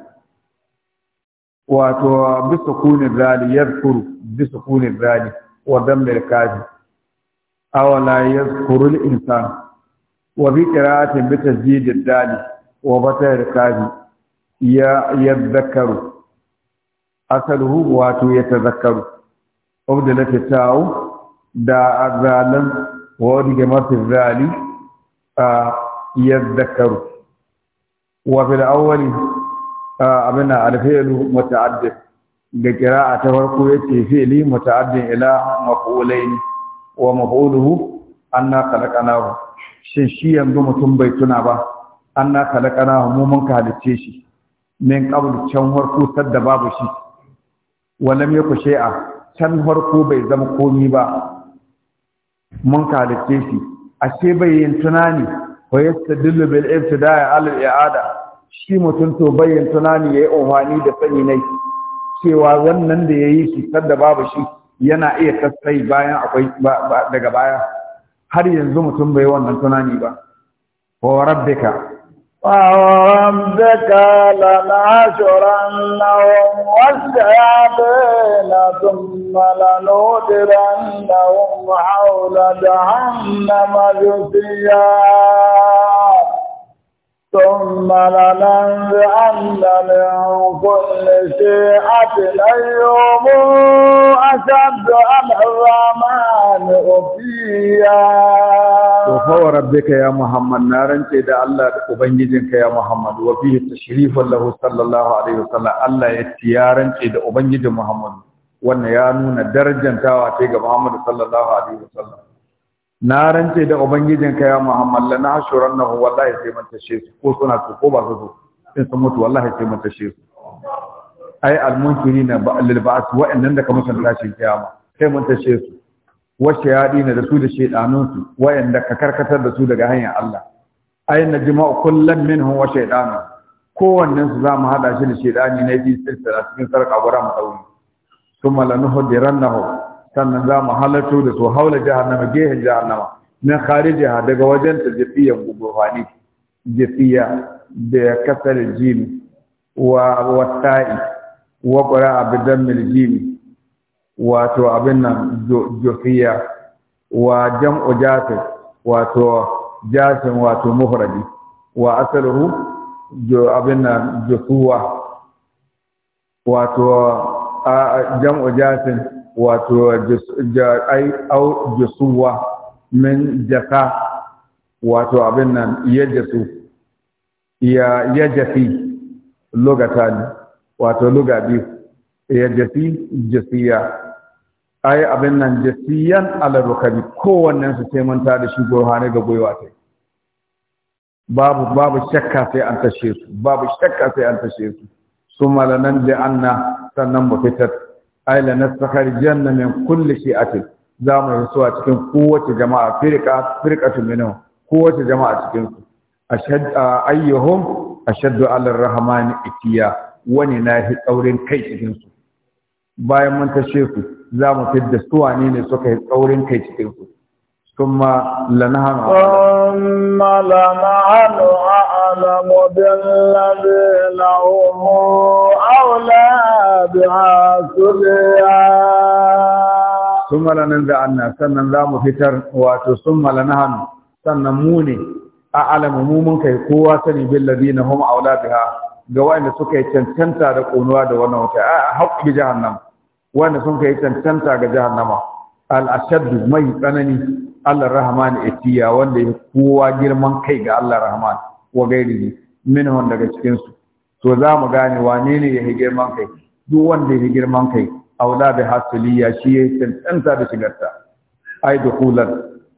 wato bisa kuni zali bisa kuni zali wa dammil kaji Awa la ya al insan wa bi qira'atin bi tasdid da dali wa batar kaji ya yadhakkaru Asalu wato ya tazakkaru na ta'u da azalan wa rigama mafi zali zakaru wa da abin alfi'lu da ga a ta farko yake fi'li muta'addin ila maf'ulaini wa maf'uluhu anna khalaqnahu shin shi yanzu mutum bai tuna ba anna khalaqnahu mu mun ka halicce shi min qablu can farko sadda babu shi walam yaku shay'a can farko bai zama komi ba mun kalice shi ashe bai yin tunani wa yastadillu bil ibtida'i ala al i'ada shi mutum to bayin tunani ya yi da sani ne. cewa wannan da ya yi shi da babu shi yana iya kasai bayan akwai daga baya har yanzu mutum bai wannan tunani ba wa rabbika وربك لنعشرنهم والشياطين ثم wa حول jahannama جثيا ثم لننزعن من كل شيعة اليوم أشد على الرحمن أبيا وفو ربك يا محمد نارا تيدا الله أبنجزك يا محمد وفيه التشريف له صلى الله عليه وسلم الله يتيارا تيدا أبنجز محمد وأن يانون درجا تاوى تيغا محمد صلى الله عليه وسلم na rance da ubangijin ka ya muhammad la nahu. wallahi sai mun tashe su ko suna su ko ba su so in sun mutu wallahi sai mun tashe su ai almunkirina lil ba'th wa'annan da kamar san tashin kiyama sai mun tashe su wace yadi ne da su da shedanun su wa'anda ka karkatar da su daga hanyar Allah ai najma'u kullam minhum wa shedanu kowannen su zamu hada shi da shedani ne bi silsila cikin sarka gura mu dauri thumma lanuhdirannahu sannan za mu halatto da su haula jahannama gehen jahannama na kharijiha daga wajen ta jafiyan gubufani jafiya da kasar jin wa wasa'i wa qira'a bi dammil jin wato abin nan jafiya wa jam'u jafi wato jasin wato mufradi wa asaluhu abin nan jafuwa wato jam'u jasin wato jisuwa min jaka wato abin nan ya jisu ya jafi ne wato luga biyu ya jafi jisiya ai abin nan jisiyan ko kowannen su sai ta da shi gurhane ga gwiwa ta babu babu shakka sai an tashe su babu shakka sai an tashe su su malanan da anna sannan mu fitar ai la janna min kulli shi'atin za mu yi su a cikin kowace jama'a firqa firqatu minu kowace jama'a cikin su ashad ayyuhum ashaddu ala ar-rahman itiya wani na fi tsaurin kai cikin su bayan mun tashe su za mu fidda su wani ne suka yi tsaurin kai cikin su ثم لنهن ثم لنهن أعلم بالذين lahum أولادها سبيا ثم لننزع أن سنن ذا مفتر واتو لنهن سنن موني أعلم مومن كي قوة بالذين هم أولادها قوائن سكي تنتنتا حق بجهنم sun kai cancanta ga jahannama al-ashaddu mai tsanani Allah rahman itiya wanda ya kowa girman kai ga Allah rahman wa gairihi daga cikinsu. to za mu gane wane ne ya yi girman kai duk wanda ya yi girman kai aula bi hasuliya shi ya tantanta da shigarta ai da kulan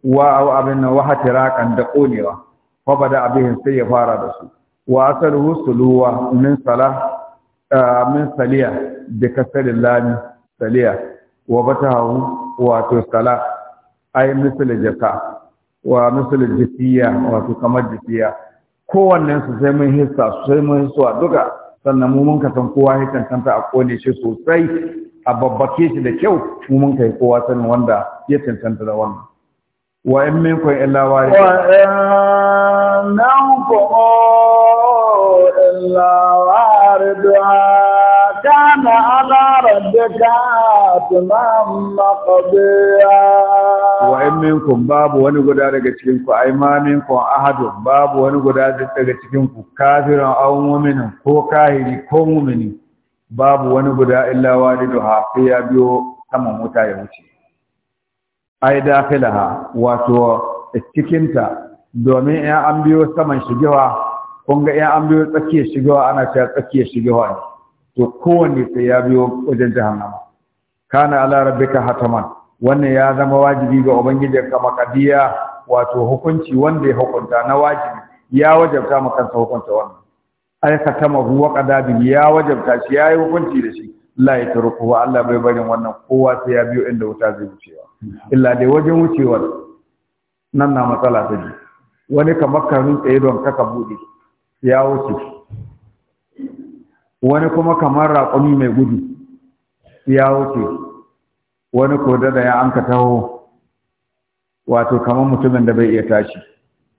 wa abin nan wa hatirakan da konewa fa bada abin sai ya fara da su wa asal suluwa min sala min saliya da kasarin lami saliya wa batahu wato sala ai misali jaka wa misali jisiya wato kamar jisiya kowannen su sai mun hissa su sai mun hissa duka sannan mu mun kasan kowa ya cancanta a kone shi sosai a babbake shi da kyau mu mun kai kowa sanin wanda ya cancanta da wannan wa in minkum illa wari wa in minkum illa كان على ربك تمام مقضيا وإن منكم باب وني غدا daga cikin ku ai ma minkum ahadun babu wani guda daga cikin ku kafirin aw mu'minin ko kahiri ko mu'mini babu wani guda illa waliduha sai ya biyo sama mota ya wuce ai dafilaha wato cikinta domin ya an biyo saman shigewa kun ga ya an biyo tsakiyar shigewa ana cewa tsakiyar shigewa ne to kowanne sai ya biyo wajen jahannama kana ala rabbika hataman wannan ya zama wajibi ga ka makadiya wato hukunci wanda ya hukunta na wajibi ya wajabta maka kansa hukunta wannan ai katama huwa qadabi ya wajabta shi yayi hukunci da shi la yatruku Allah bai barin wannan kowa sai ya biyo inda wuta zai wucewa illa dai wajen wucewa nan na matsala ta ji wani kamar ka rutse don kaka bude ya wuce wani kuma kamar raƙumi mai gudu ya wuce wani ko da ya an taho wato kamar mutumin da bai iya tashi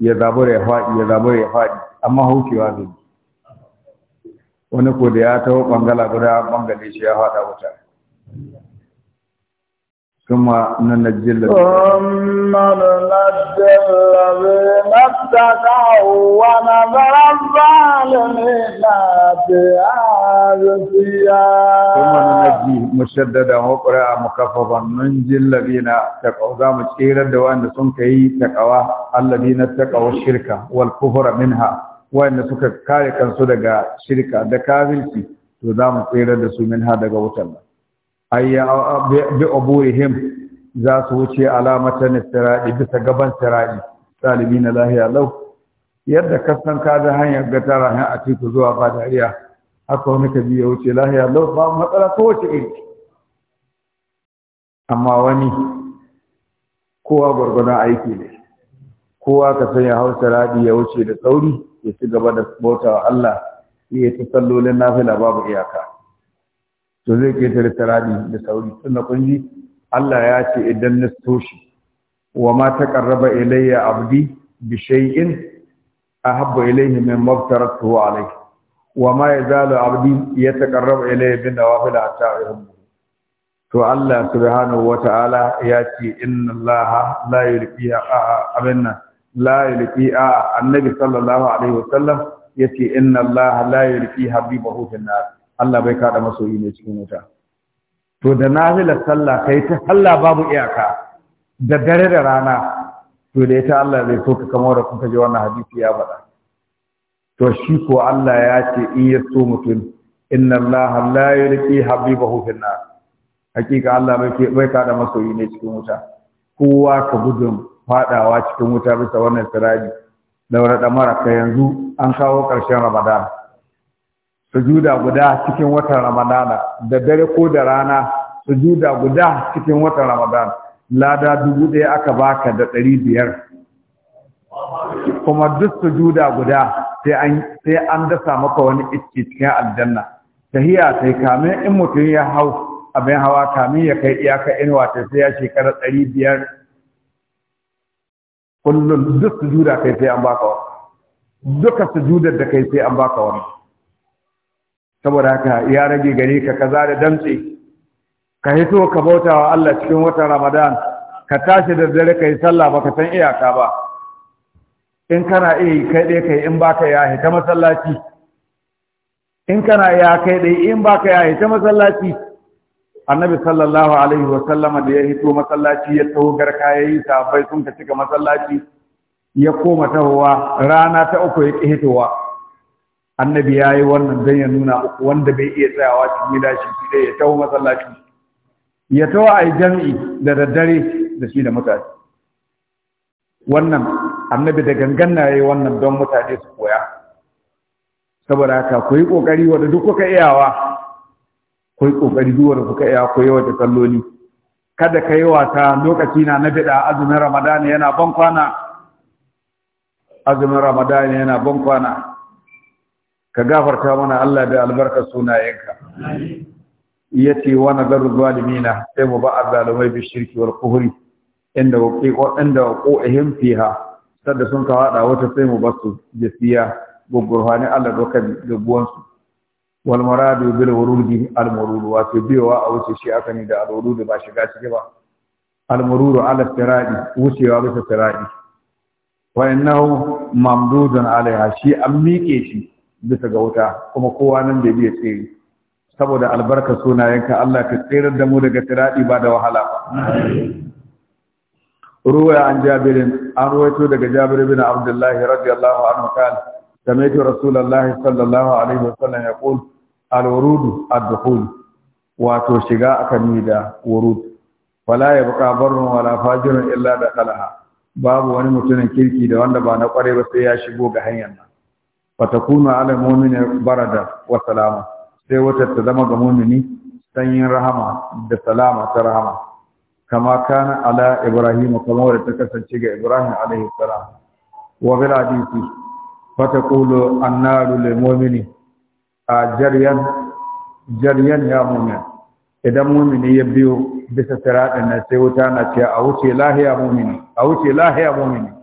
ya zabura ya faɗi ya zabura ya faɗi amma haukewa zai wani ko da ya taho bangala guda bangale shi ya faɗa wuta ثم ننجي الذين ثم ننجي الذين اتقوا ونذر الظالمين فيها جثيا ثم ننجي مشددا وقرا مكففا ننجي الذين اتقوا زام تشير دوان سن كاي تقوا الذين اتقوا الشرك والكفر منها وان suka kare kansu daga shirka da kafirci to zamu tsere da su minha daga wutar ayya bi aburihim za su wuce alamatan siradi bisa gaban salimi na lahiya lau yadda kasan ka da hanyar ga tara a tiku zuwa ba dariya haka wani ka biya wuce lahiya lau ba matsala ko wace iri amma wani kowa gwargwadon aiki ne kowa ka sanya hausa raɗi ya wuce da tsauri ya ci gaba da mota wa Allah ya ta sallolin nafila babu iyaka to zai ketare taradi da sauri tunda kun ji Allah ya ce idan na toshi wa ma taqarraba ilayya abdi bi shay'in ahabba ilayhi min maftaratuhu alayhi wa ma yazalu abdi yataqarrabu ilayya bin nawafil hatta yuhibbu to Allah subhanahu Ta'ala ya ce inna Allah la yulqi abanna la yulqi annabi sallallahu alaihi wa wasallam yace inna Allah la yulqi habibahu fil nar Allah bai kada masoyi ne cikin wuta to da nafilar sallah kai ta sallah babu iyaka da dare da rana to da ita Allah zai so ka kamar da kuka ji wannan hadisi ya faɗa to shi ko Allah ya ce in ya so mutum inna Allah la yulqi habibahu fil nar hakika Allah bai ke bai kada masoyi ne cikin wuta kowa ka gudun fadawa cikin wuta bisa wannan siraji daura da mara ka yanzu an kawo ƙarshen Ramadan sujuda guda cikin watan ramadana da dare ko da rana sujuda guda cikin watan ramadana lada dubu ɗaya aka baka da ɗari biyar kuma duk sujuda guda sai an dasa maka wani iski cikin aljanna tahiya sai kamin in mutum ya hau abin hawa kamin ya kai iyaka inuwa wata sai ya shekara ɗari biyar kullum duk sujuda kai sai an baka wani duka sujudar da kai sai an baka wani saboda haka ya rage gare ka kaza da damtse ka hito ka bauta wa Allah cikin watan Ramadan ka tashi da dare ka sallah baka san iyaka ba in kana iya kai dai kai in baka ya hita masallaci in kana ya kai dai in baka ya hita masallaci annabi sallallahu alaihi wa sallama da ya hito masallaci ya taho garka yayi sabai sun ka cika masallaci ya koma tahowa rana ta uku ya hitowa annabi ya yi wannan don ya nuna uku wanda bai iya tsayawa cikin gida shi fiye ya tawo masallaci ya tawo a jami'i da daddare da shi da mutane wannan annabi da gangan na yi wannan don mutane su koya saboda haka ku yi ƙoƙari wadda duk kuka iyawa ku yi ƙoƙari duk wadda kuka iyawa ku yi wata kalloli kada ka yi wata lokaci na na biɗa azumin ramadana yana ban kwana azumin ramadana yana ban kwana ka gafarta mana Allah da albarkar sunayenka ce wa nazaru zalimina sai mu ba azalumai bi shirki wal kuhuri inda waqi inda qawhim fiha sadda sun ka hada wata sai mu basu jasiya gugurhani Allah doka gabuwan su wal maradu bil wurudi al mururu wa to biwa a wuce shi aka ni da al wurud ba shiga ciki ba al mururu ala siradi wucewa bisa tiradi wa innahu mamdudun alaiha shi an miƙe shi bisa ga wuta kuma kowa nan da biya tsere saboda albarka sunayenka Allah ka tserar da mu daga tiradi ba da wahala ba ruwa an jabirin an ruwaito daga jabir bin abdullahi radiyallahu anhu kan سمعت رسول الله صلى الله عليه وسلم يقول الورود الدخول wato shiga akan ni da wurud wala ya baka barun wala fajirun illa da kalaha babu wani mutumin kirki da wanda ba na kware ba sai ya shigo ga hanyar nan fatakunu ala mu'mini barada wa salama sai wata ta zama ga mu'mini sanyin rahama da salama ta rahama kama kana ala ibrahim kuma wanda ta kasance ga ibrahim alaihi salam wa bil hadisi fatakulu annaru lil mu'mini a jaryan ya mu'min idan mu'mini ya biyo bisa siratin nan sai wuta na ce a wuce lahiya mu'mini a wuce lahiya mu'mini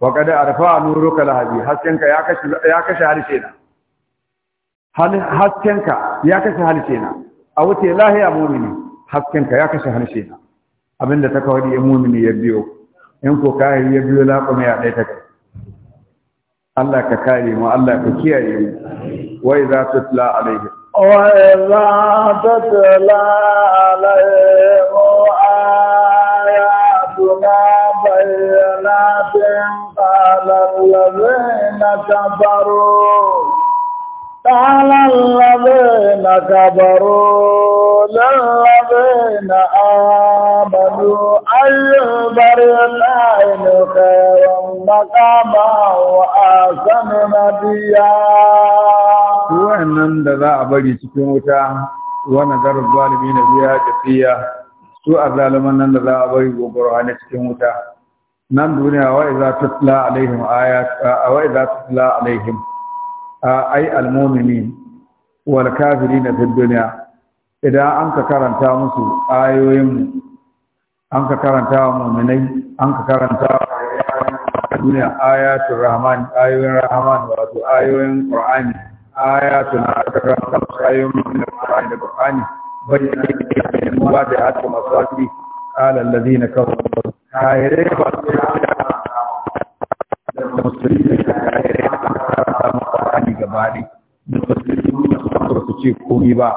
wa a nuru ka lahabi haskenka ya kashe ya kashe harshe na haskenka ya kashe harshe na a wuce lahiya mu'mini haskenka ya kashe harshe na abinda ta kawai ya mu'mini ya biyo in ko kayan ya biyo laƙume a ɗaya ta kai Allah ka kare mu Allah ka kiyaye mu wai za tutla alaihi Wai za tutla alaihi آيات قال الذين كفروا قال الذين كفروا للذين آمنوا أي البريتين خير مقاما وأحسن نبيا wa'annan da za a bari cikin wuta wani zalimi na biya tafiya su a nan da za a bari gobara na cikin wuta nan duniya wa idza tutla alaihim ayat wa idza tutla alaihim ay almu'minin wal kafirin fi dunya idan an ka karanta musu ayoyin an ka karanta wa mu'minai an ka karanta duniya ayatul rahman ayoyin rahman wato ayoyin qur'ani ayatul rahman ayoyin qur'ani qur'ani bayyana da ba da hatu masaki qala alladhina kafaru kahirai ba su da musulmi da kahirai ba su samu kwani gaba ne su ba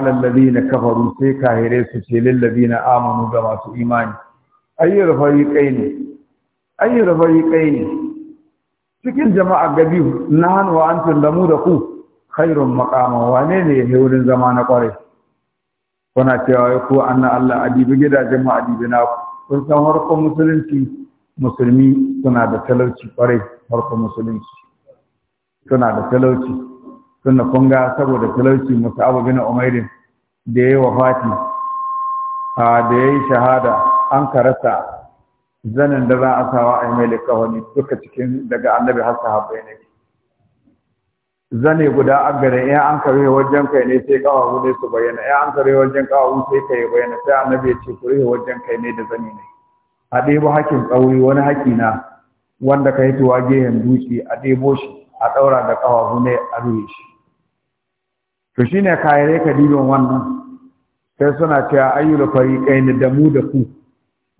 na sai kahirai su ce lallabi na amanu ga masu imani cikin jama'a gabi na hannu an da ku khairun makama wane ne ya wurin zama na kwarai kuna cewa ya anna Allah adibi gidajen mu adibi na ku kun san harkar musulunci musulmi suna da talauci kwarai harkar musulunci suna da talauci suna kunga saboda talauci musu abu bin umairin da ya yi wafati da ya yi shahada an karasa zanen da za a sawa a yi mai duka cikin daga annabi har sahabbai ne zane guda a gare in an kare wajen kai ne sai kawawu ne su bayyana in an kare wajen kawawu sai kai bayyana sai annabi ya ce ku rihe wajen kai ne da zane ne a ɗebo hakin tsauri wani haki na wanda ka yi tuwa gehen dutse a ɗebo shi a ɗaura da kawawu ne a ruhe shi to shine kayare ka dibin wannan sai suna cewa kai ne da mu da ku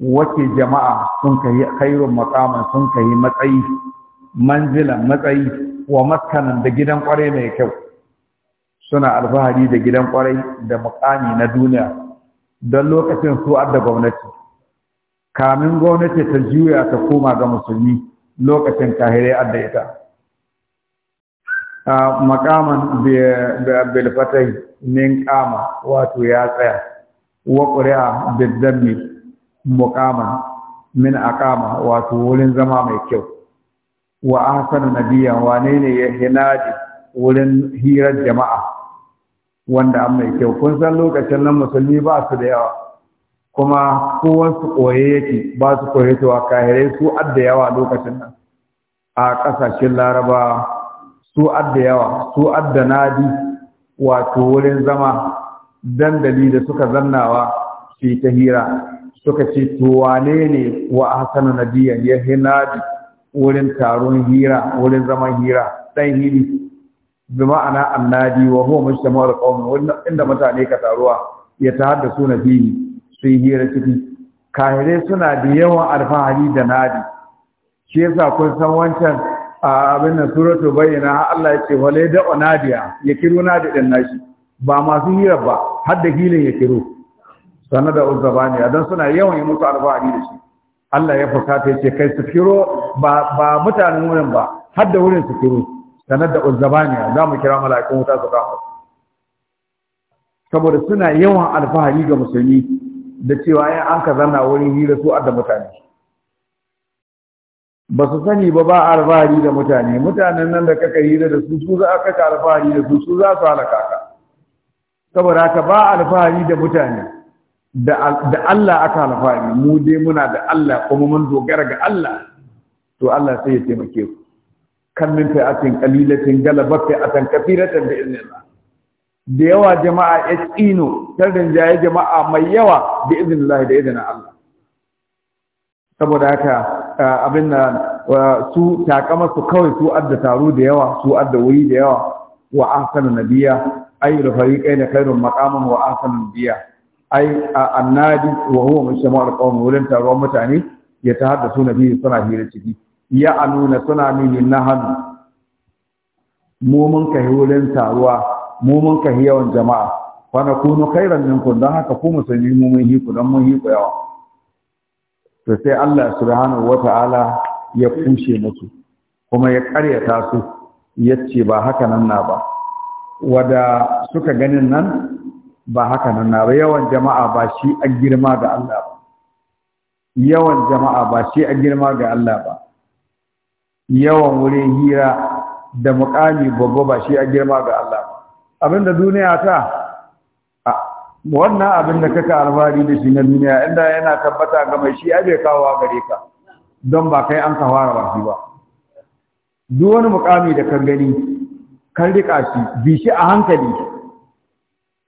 wace jama'a sun kai khairun makaman sun kai matsayi manzilan matsayi wa maskanan da gidan kwarai mai kyau suna alfahari da gidan kwarai da mukami na duniya don lokacin su da gwamnati kamin gwamnati ta juya ta koma ga musulmi lokacin kahirai adda ita makaman bilfatai min kama wato ya tsaya wa ƙuri'a bizzammi mukaman min akama wato wurin zama mai kyau wa ahsanu nabiyyan wane ne ya hinadi wurin hirar jama'a wanda an mai kyau kun san lokacin nan musulmi ba su da yawa kuma kowansu koye yake ba su koye cewa kahirai su adda yawa lokacin nan a ƙasashen laraba su adda yawa su adda nadi wato wurin zama dandali da suka zannawa su ta hira suka ce to wane ne wa ahsanu nabiyyan ya hinadi wurin taron hira wurin zaman hira dan hili bi ma'ana annadi wa huwa mujtama'ul qawm inda mutane ka taruwa ya tahaddasu na fihi sun yi hira ciki Kahire suna da yawan alfahari da nadi shi yasa kun san wancan abin nan suratu bayyana Allah ya ce walai da onadiya ya kiro nadi din nashi ba masu hira ba har da hilin ya kiro sanada da uzzabaniya suna yawan yi musu alfahari da shi Allah ya fuskata ya ce kai su kiro ba mutanen wurin ba har da wurin su kiro sanar da uzzabaniya za mu kira mala'ikun wuta su kama saboda suna yawan alfahari ga musulmi da cewa ya an ka zanna wurin hira su da mutane ba su sani ba ba alfahari da mutane mutanen nan da kaka hira da su su za a kaka alfahari da su su za su halaka ka saboda haka ba alfahari da mutane da Allah aka alfahari mu dai muna da Allah kuma mun dogara ga Allah to Allah sai ya taimake ku kan min atin qalilatin galabat atan kathiratan bi iznillah da yawa jama'a ya tar da rinjaye jama'a mai yawa bi iznillah da izinin Allah saboda haka abin da su takama su kawai su adda taro da yawa su adda wuri da yawa wa ahsanu nabiyya ay rafiqain khairun maqaman wa ahsanu nabiyya ay annadi wa huwa min shama'il qawm wurin taron mutane ya tahaddasu nabiyyi suna hira ciki ya anuna suna nuni na hannu mu mun kai wurin taruwa mu mun kai yawan jama'a fa na kunu khairan minkum don haka ku musulmi mu mun hiku don mun hiku yawa to sai Allah subhanahu wata'ala ya kushe musu kuma ya karyata su yace ba haka nan na ba wada suka ganin nan ba haka nan na ba yawan jama'a ba shi a girma ga Allah ba yawan jama'a ba shi a girma ga Allah ba yawan wurin hira da mukami babba ba shi a girma ga Allah abinda duniya ta wannan abin da kaka alfahari da shi na duniya inda yana tabbata ga mai shi abe kawo gare ka don ba kai an kawara ba shi ba duk wani mukami da kan gani kan rika shi bi shi a hankali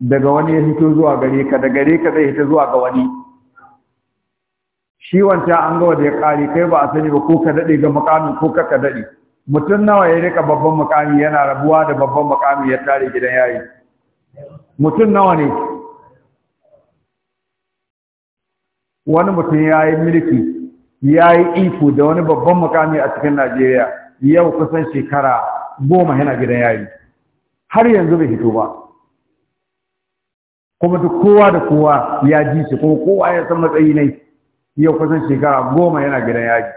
daga wani ya hito zuwa gare ka da gare ka zai hito zuwa ga wani shi wancan an ga wanda ya kare kai ba a sani ba ko ka daɗe ga mukamin ko ka ka daɗe mutum nawa ya rika babban mukami yana rabuwa da babban mukami ya tare gidan yayi mutum nawa ne wani mutum ya yi mulki ya yi iko da wani babban mukami a cikin najeriya yau kusan shekara goma yana gidan yayi har yanzu bai hito ba kuma duk kowa da kowa ya ji shi kuma kowa ya san matsayi ne yau kusan shekara goma yana gidan yaji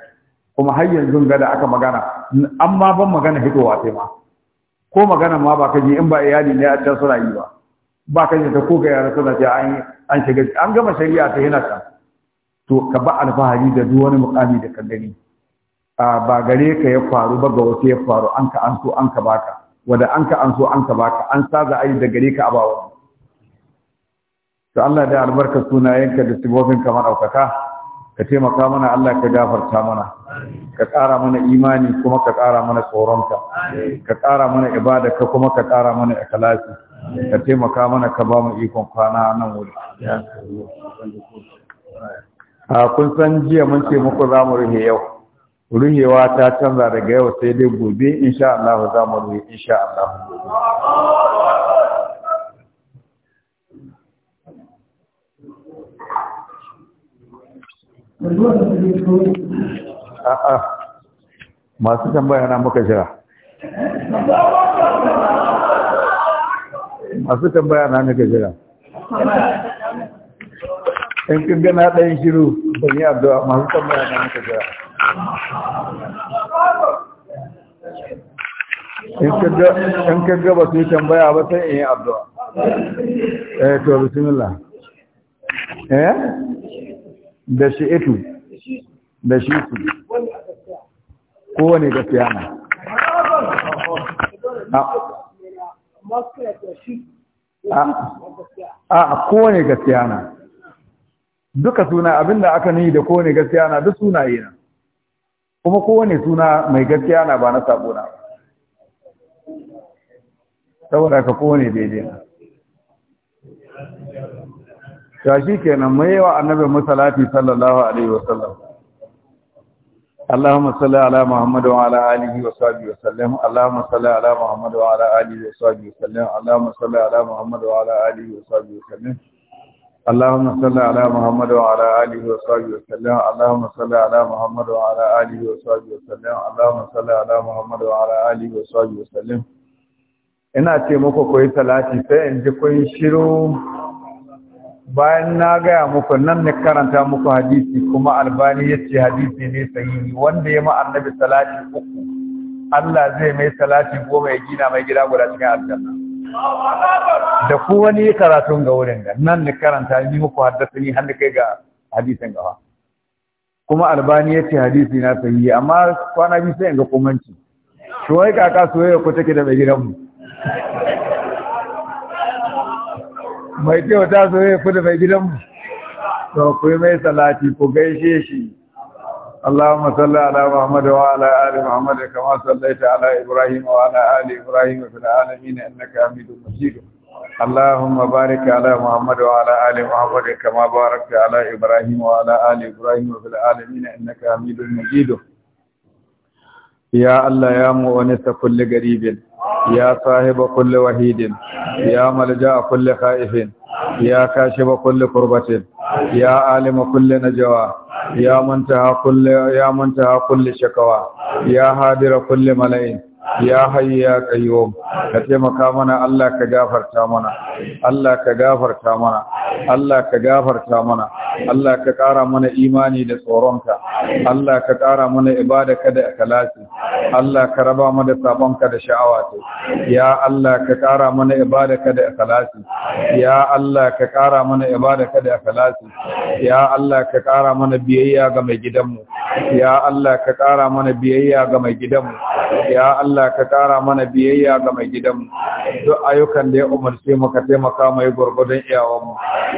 kuma har yanzu gada aka magana amma ban magana hitowa sai ma ko magana ma ba ka ji in ba iyali ne a can suna yi ba ba ka ji ta ko ga yara suna cewa an an shiga an gama shari'a ta yana ta to ka ba alfahari da duk wani mukami da ka gani ba gare ka ya faru ba ga wasu ya faru an ka an so an ka baka wanda an ka an so an ka baka an saza ayi da gare ka a ba wani to Allah da albarka sunayenka da sibofin kamar aukaka ka taimaka mana Allah ka gafarta mana ka ƙara mana imani kuma ka ƙara mana tsoronka ka ƙara mana ibada ka kuma ka ƙara mana ikhlasi ka taimaka mana ka ba mu ikon kwana nan wuri a kun san jiya mun ce muku za mu rufe yau ruhewa ta canza daga yau sai dai gobe insha Allah za mu rufe insha Allah a'a masu tambaya na muka jira masu tambaya na muka jira in kin gana ɗayan shiru ban yi abdu'a masu tambaya na muka jira in ka gaba su tambaya ba sai in yi abdu'a. eh to bismillah eh da shi'itu da shi su kowane gaskiya na a kowane gaskiya na duka suna abinda aka ni da kowane gaskiya na duk sunaye na kuma kowane suna mai gaskiya na ba na sabo na saboda ka kowane daidai na ta shi nan mai yawa annabin masalati sallallahu alaihi wasallam Allahumma salli ala Muhammad wa ala alihi wa sahbihi wa sallam Allahumma salli ala Muhammad wa ala alihi wa sahbihi wa sallam Allahumma salli ala Muhammad wa ala alihi wa sahbihi wa sallam wa sallam Allahumma salli ala اله wa ala alihi wa على wa sallam Allahumma salli ala Muhammadu wa ala alihi wa اله wa sallam ina ce muku koyi salati sai in ji kun shiru bayan na gaya muku nan ne karanta muku hadisi kuma albani ya ce hadisi ne sahihi wanda ya ma annabi salati uku Allah zai mai salati goma ya gina mai gida guda cikin aljanna da ku wani karatun ga wurin ga nan ne karanta ni muku haddasa ni hannu kai ga hadisin gawa kuma albani ya ce hadisi na sahihi amma kwana biyu sai in ga komanci shi wai kaka soyayya ko take da mai mu? mai kyauta so ya kudu mai gidanmu to ku yi mai salati ku gaishe shi اللهم صل على محمد وعلى آل محمد كما صليت على إبراهيم وعلى آل إبراهيم في العالمين إنك حميد مجيد اللهم بارك على محمد وعلى آل محمد كما باركت على إبراهيم وعلى آل إبراهيم في العالمين إنك حميد مجيد يا الله يا مؤنس كل قريب يا صاحب كل وحيد يا ملجا كل خائف يا كاشف كل كربة يا عالم كل نجوى يا منتهى كل يا منتهى كل شكوى يا حاضر كل ملئ ya hayyu ya qayyum ka taimaka mana Allah ka gafarta mana Allah ka gafarta mana Allah ka gafarta mana Allah ka ƙara mana imani da tsoronka Allah ka ƙara mana ibada ka da ikhlasi Allah ka raba mu da sabonka da sha'awata, ya Allah ka ƙara mana ibada ka da ikhlasi ya Allah ka ƙara mana ibada ka da ikhlasi ya Allah ka ƙara mana biyayya ga mai gidanmu ya Allah ka ƙara mana biyayya ga mai gidanmu ya Allah Allah ka ƙara mana biyayya ga mai gidanmu duk ayyukan da ya umarce mu ka taimaka mai yi gurgudun iyawanmu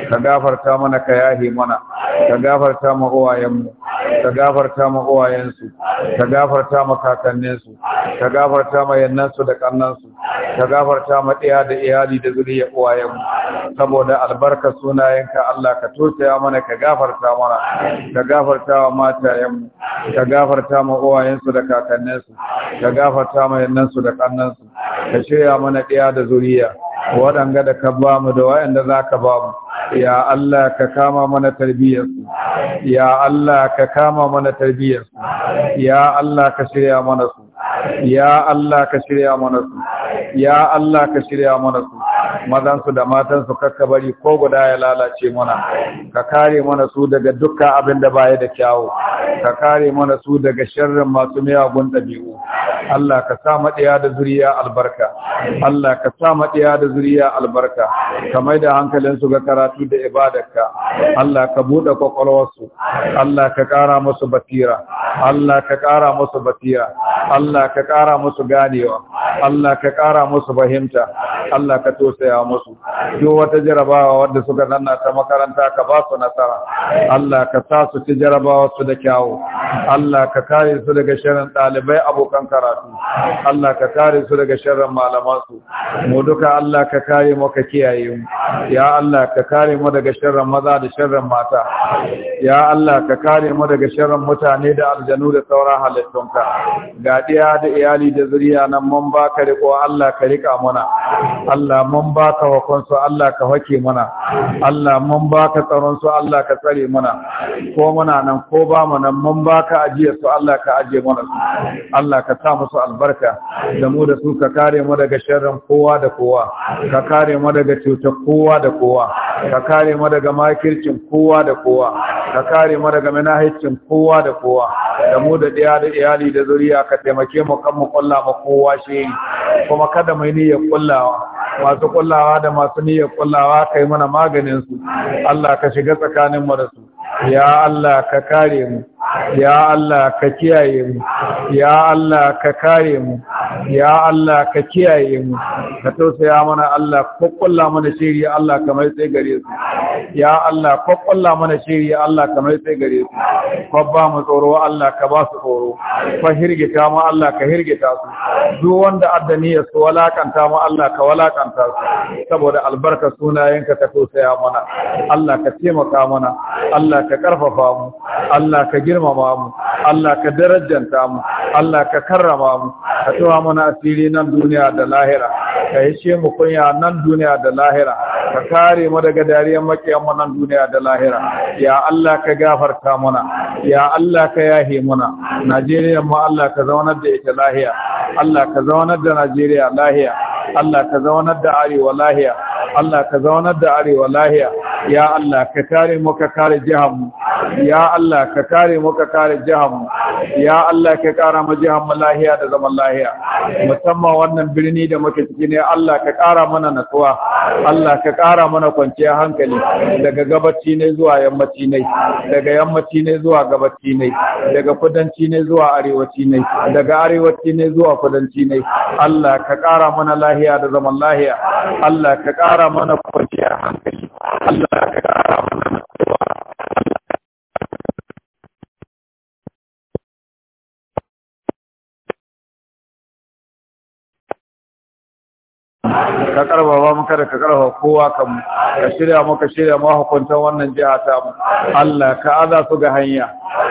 ka gafarta mana ka yahi mana ka gafarta mu uwayenmu ka gafarta mu uwayensu ka gafarta mu kakanninsu ka gafarta mu yannansu da kannansu ka gafarta mu ɗaya da iyali da zuriya uwayenmu saboda albarka sunayenka Allah ka ya mana ka gafarta mana ka gafarta wa matayenmu ka gafarta mu uwayensu da kakanninsu ka gafarta mayannan su da kannan su ka shirya mana ɗaya da zuriya waɗanga da ka ba mu da waɗanda zaka ka ba mu ya Allah ka kama mana tarbiyyarsu ya Allah ka kama mana tarbiyyarsu ya Allah ka shirya mana su ya Allah ka shirya mana su ya Allah ka shirya mana su mazan su da matan su kakka bari ko guda ya lalace mana ka kare mana su daga dukka abin da baya da kyawu ka kare mana su daga sharrin masu miyagun ɗabi'u Allah ka sa maɗiya da zuriya albarka Allah ka sa maɗiya da zuriya albarka ka mai da hankalin su ga karatu da ibadarka Allah ka buɗe su. Allah ka ƙara musu basira Allah ka ƙara musu basira Allah Allah ka ƙara musu ganewa Allah ka ƙara musu fahimta Allah ka tosaya musu duk wata jarabawa wadda suka zanna ta makaranta ka ba su nasara Allah ka sa su ci jarabawa su da kyawu Allah ka kare su daga sharrin ɗalibai abokan karatu Allah ka kare su daga sharrin malaman su mu duka Allah ka kare mu ka kiyaye mu ya Allah ka kare mu daga sharrin maza da sharrin mata ya Allah ka kare mu daga sharrin mutane da aljanu da sauran halittunka ga zuriya da iyali da zuriya nan mun ba ka riko Allah ka rika muna Allah mun ba ka wakon su Allah ka hake muna Allah mun ba ka tsaron su Allah ka tsare muna ko muna nan ko ba mu nan mun ba ka ajiye su Allah ka ajiye muna Allah ka sa musu albarka da mu da su ka kare mu daga sharrin kowa da kowa ka kare mu daga cutar kowa da kowa ka kare mu daga makircin kowa da kowa ka kare mu daga manahicin kowa da kowa da mu da da iyali da zuriya ka taimaki taimake mu kan mu kulla ma kowa shi kuma kada mu niyya kullawa masu kullawa da masu niyyar kullawa kai mana maganin su Allah ka shiga tsakanin mu da su ya Allah ka kare mu ya Allah ka kiyaye mu ya Allah ka kare mu ya Allah ka kiyaye mu ka tausaya mana Allah kokkolla mana shiri Allah kamar sai gare su ya Allah kokkolla mana shiri Allah kamar sai gare su babba mu tsoro Allah ka ba su tsoro fa hirgita mu Allah ka hirgita su duk wanda addani ya su walakanta mu Allah ka walakanta su saboda albarka sunayenka ka tausaya mana Allah ka taimaka mana Allah ka karfafa mu Allah ka girmama mu Allah ka darajanta mu Allah ka karrama mu ka tuwa mana asiri nan duniya da lahira ka yashe mu kunya nan duniya da lahira ka kare mu daga dariyar makiyan mu nan duniya da lahira ya Allah ka gafarta mana ya Allah ka yahe mana Najeriya mu Allah ka zaunar da ita lahiya Allah ka zaunar da Najeriya lahiya Allah ka zaunar da arewa lahiya Allah ka zaunar da arewa lahiya ya Allah ka kare mu ka kare jihar mu ya Allah ka kare mu ka kare jihar mu ya Allah ka kara mu jihar mu lahiya da zaman lahiya musamman wannan birni da muke ciki ne Allah ka kara mana natsuwa Allah ka kara mana kwanciyar hankali daga gabaci ne zuwa yammaci ne daga yammaci ne zuwa gabaci ne daga kudanci ne zuwa arewaci ne daga arewaci ne zuwa kudanci ne Allah ka kara mana lahiya da zaman lahiya Allah ka kara mana kwanciyar hankali Allah Allah ka ƙara mana ka karfafa mu kada ka karfafa kowa kan ka shirya mu ka shirya mu hukuntan wannan jiha ta mu Allah ka aza su ga hanya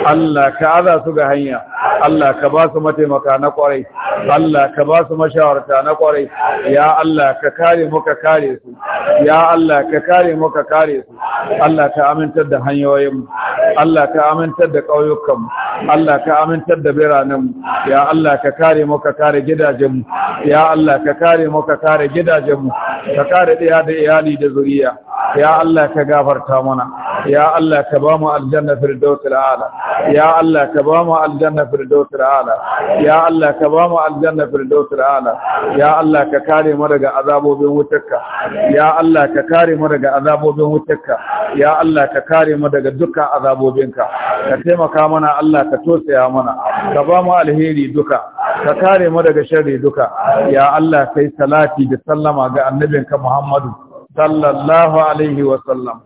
Allah ka aza su ga hanya Allah ka ba su mataimaka na kwarai Allah ka ba su mashawarta na kwarai ya Allah ka kare mu ka kare su ya Allah ka kare mu ka kare su Allah ka amintar da hanyoyin mu Allah ka amintar da ƙauyukan Allah ka amintar da biranen ya Allah ka kare mu ka kare gidajen ya Allah ka kare mu ka kare kare gidajenmu ka kare ɗaya da iyali da zuriya ya Allah ka gafarta mana ya Allah ka ba mu aljanna firdausul ala ya Allah ka ba aljanna firdausul ala ya Allah ka ba aljanna firdausul ala ya Allah ka kare mu daga azabobin wutarka ya Allah ka kare mu daga azabobin wutarka ya Allah ka kare mu daga dukkan azabobinka ka taimaka mana Allah ka tosaya mana ka bamu alheri duka ka kare mu daga sharri duka ya Allah kai salafi da sallama ga annabinka Muhammadu صلى الله عليه وسلم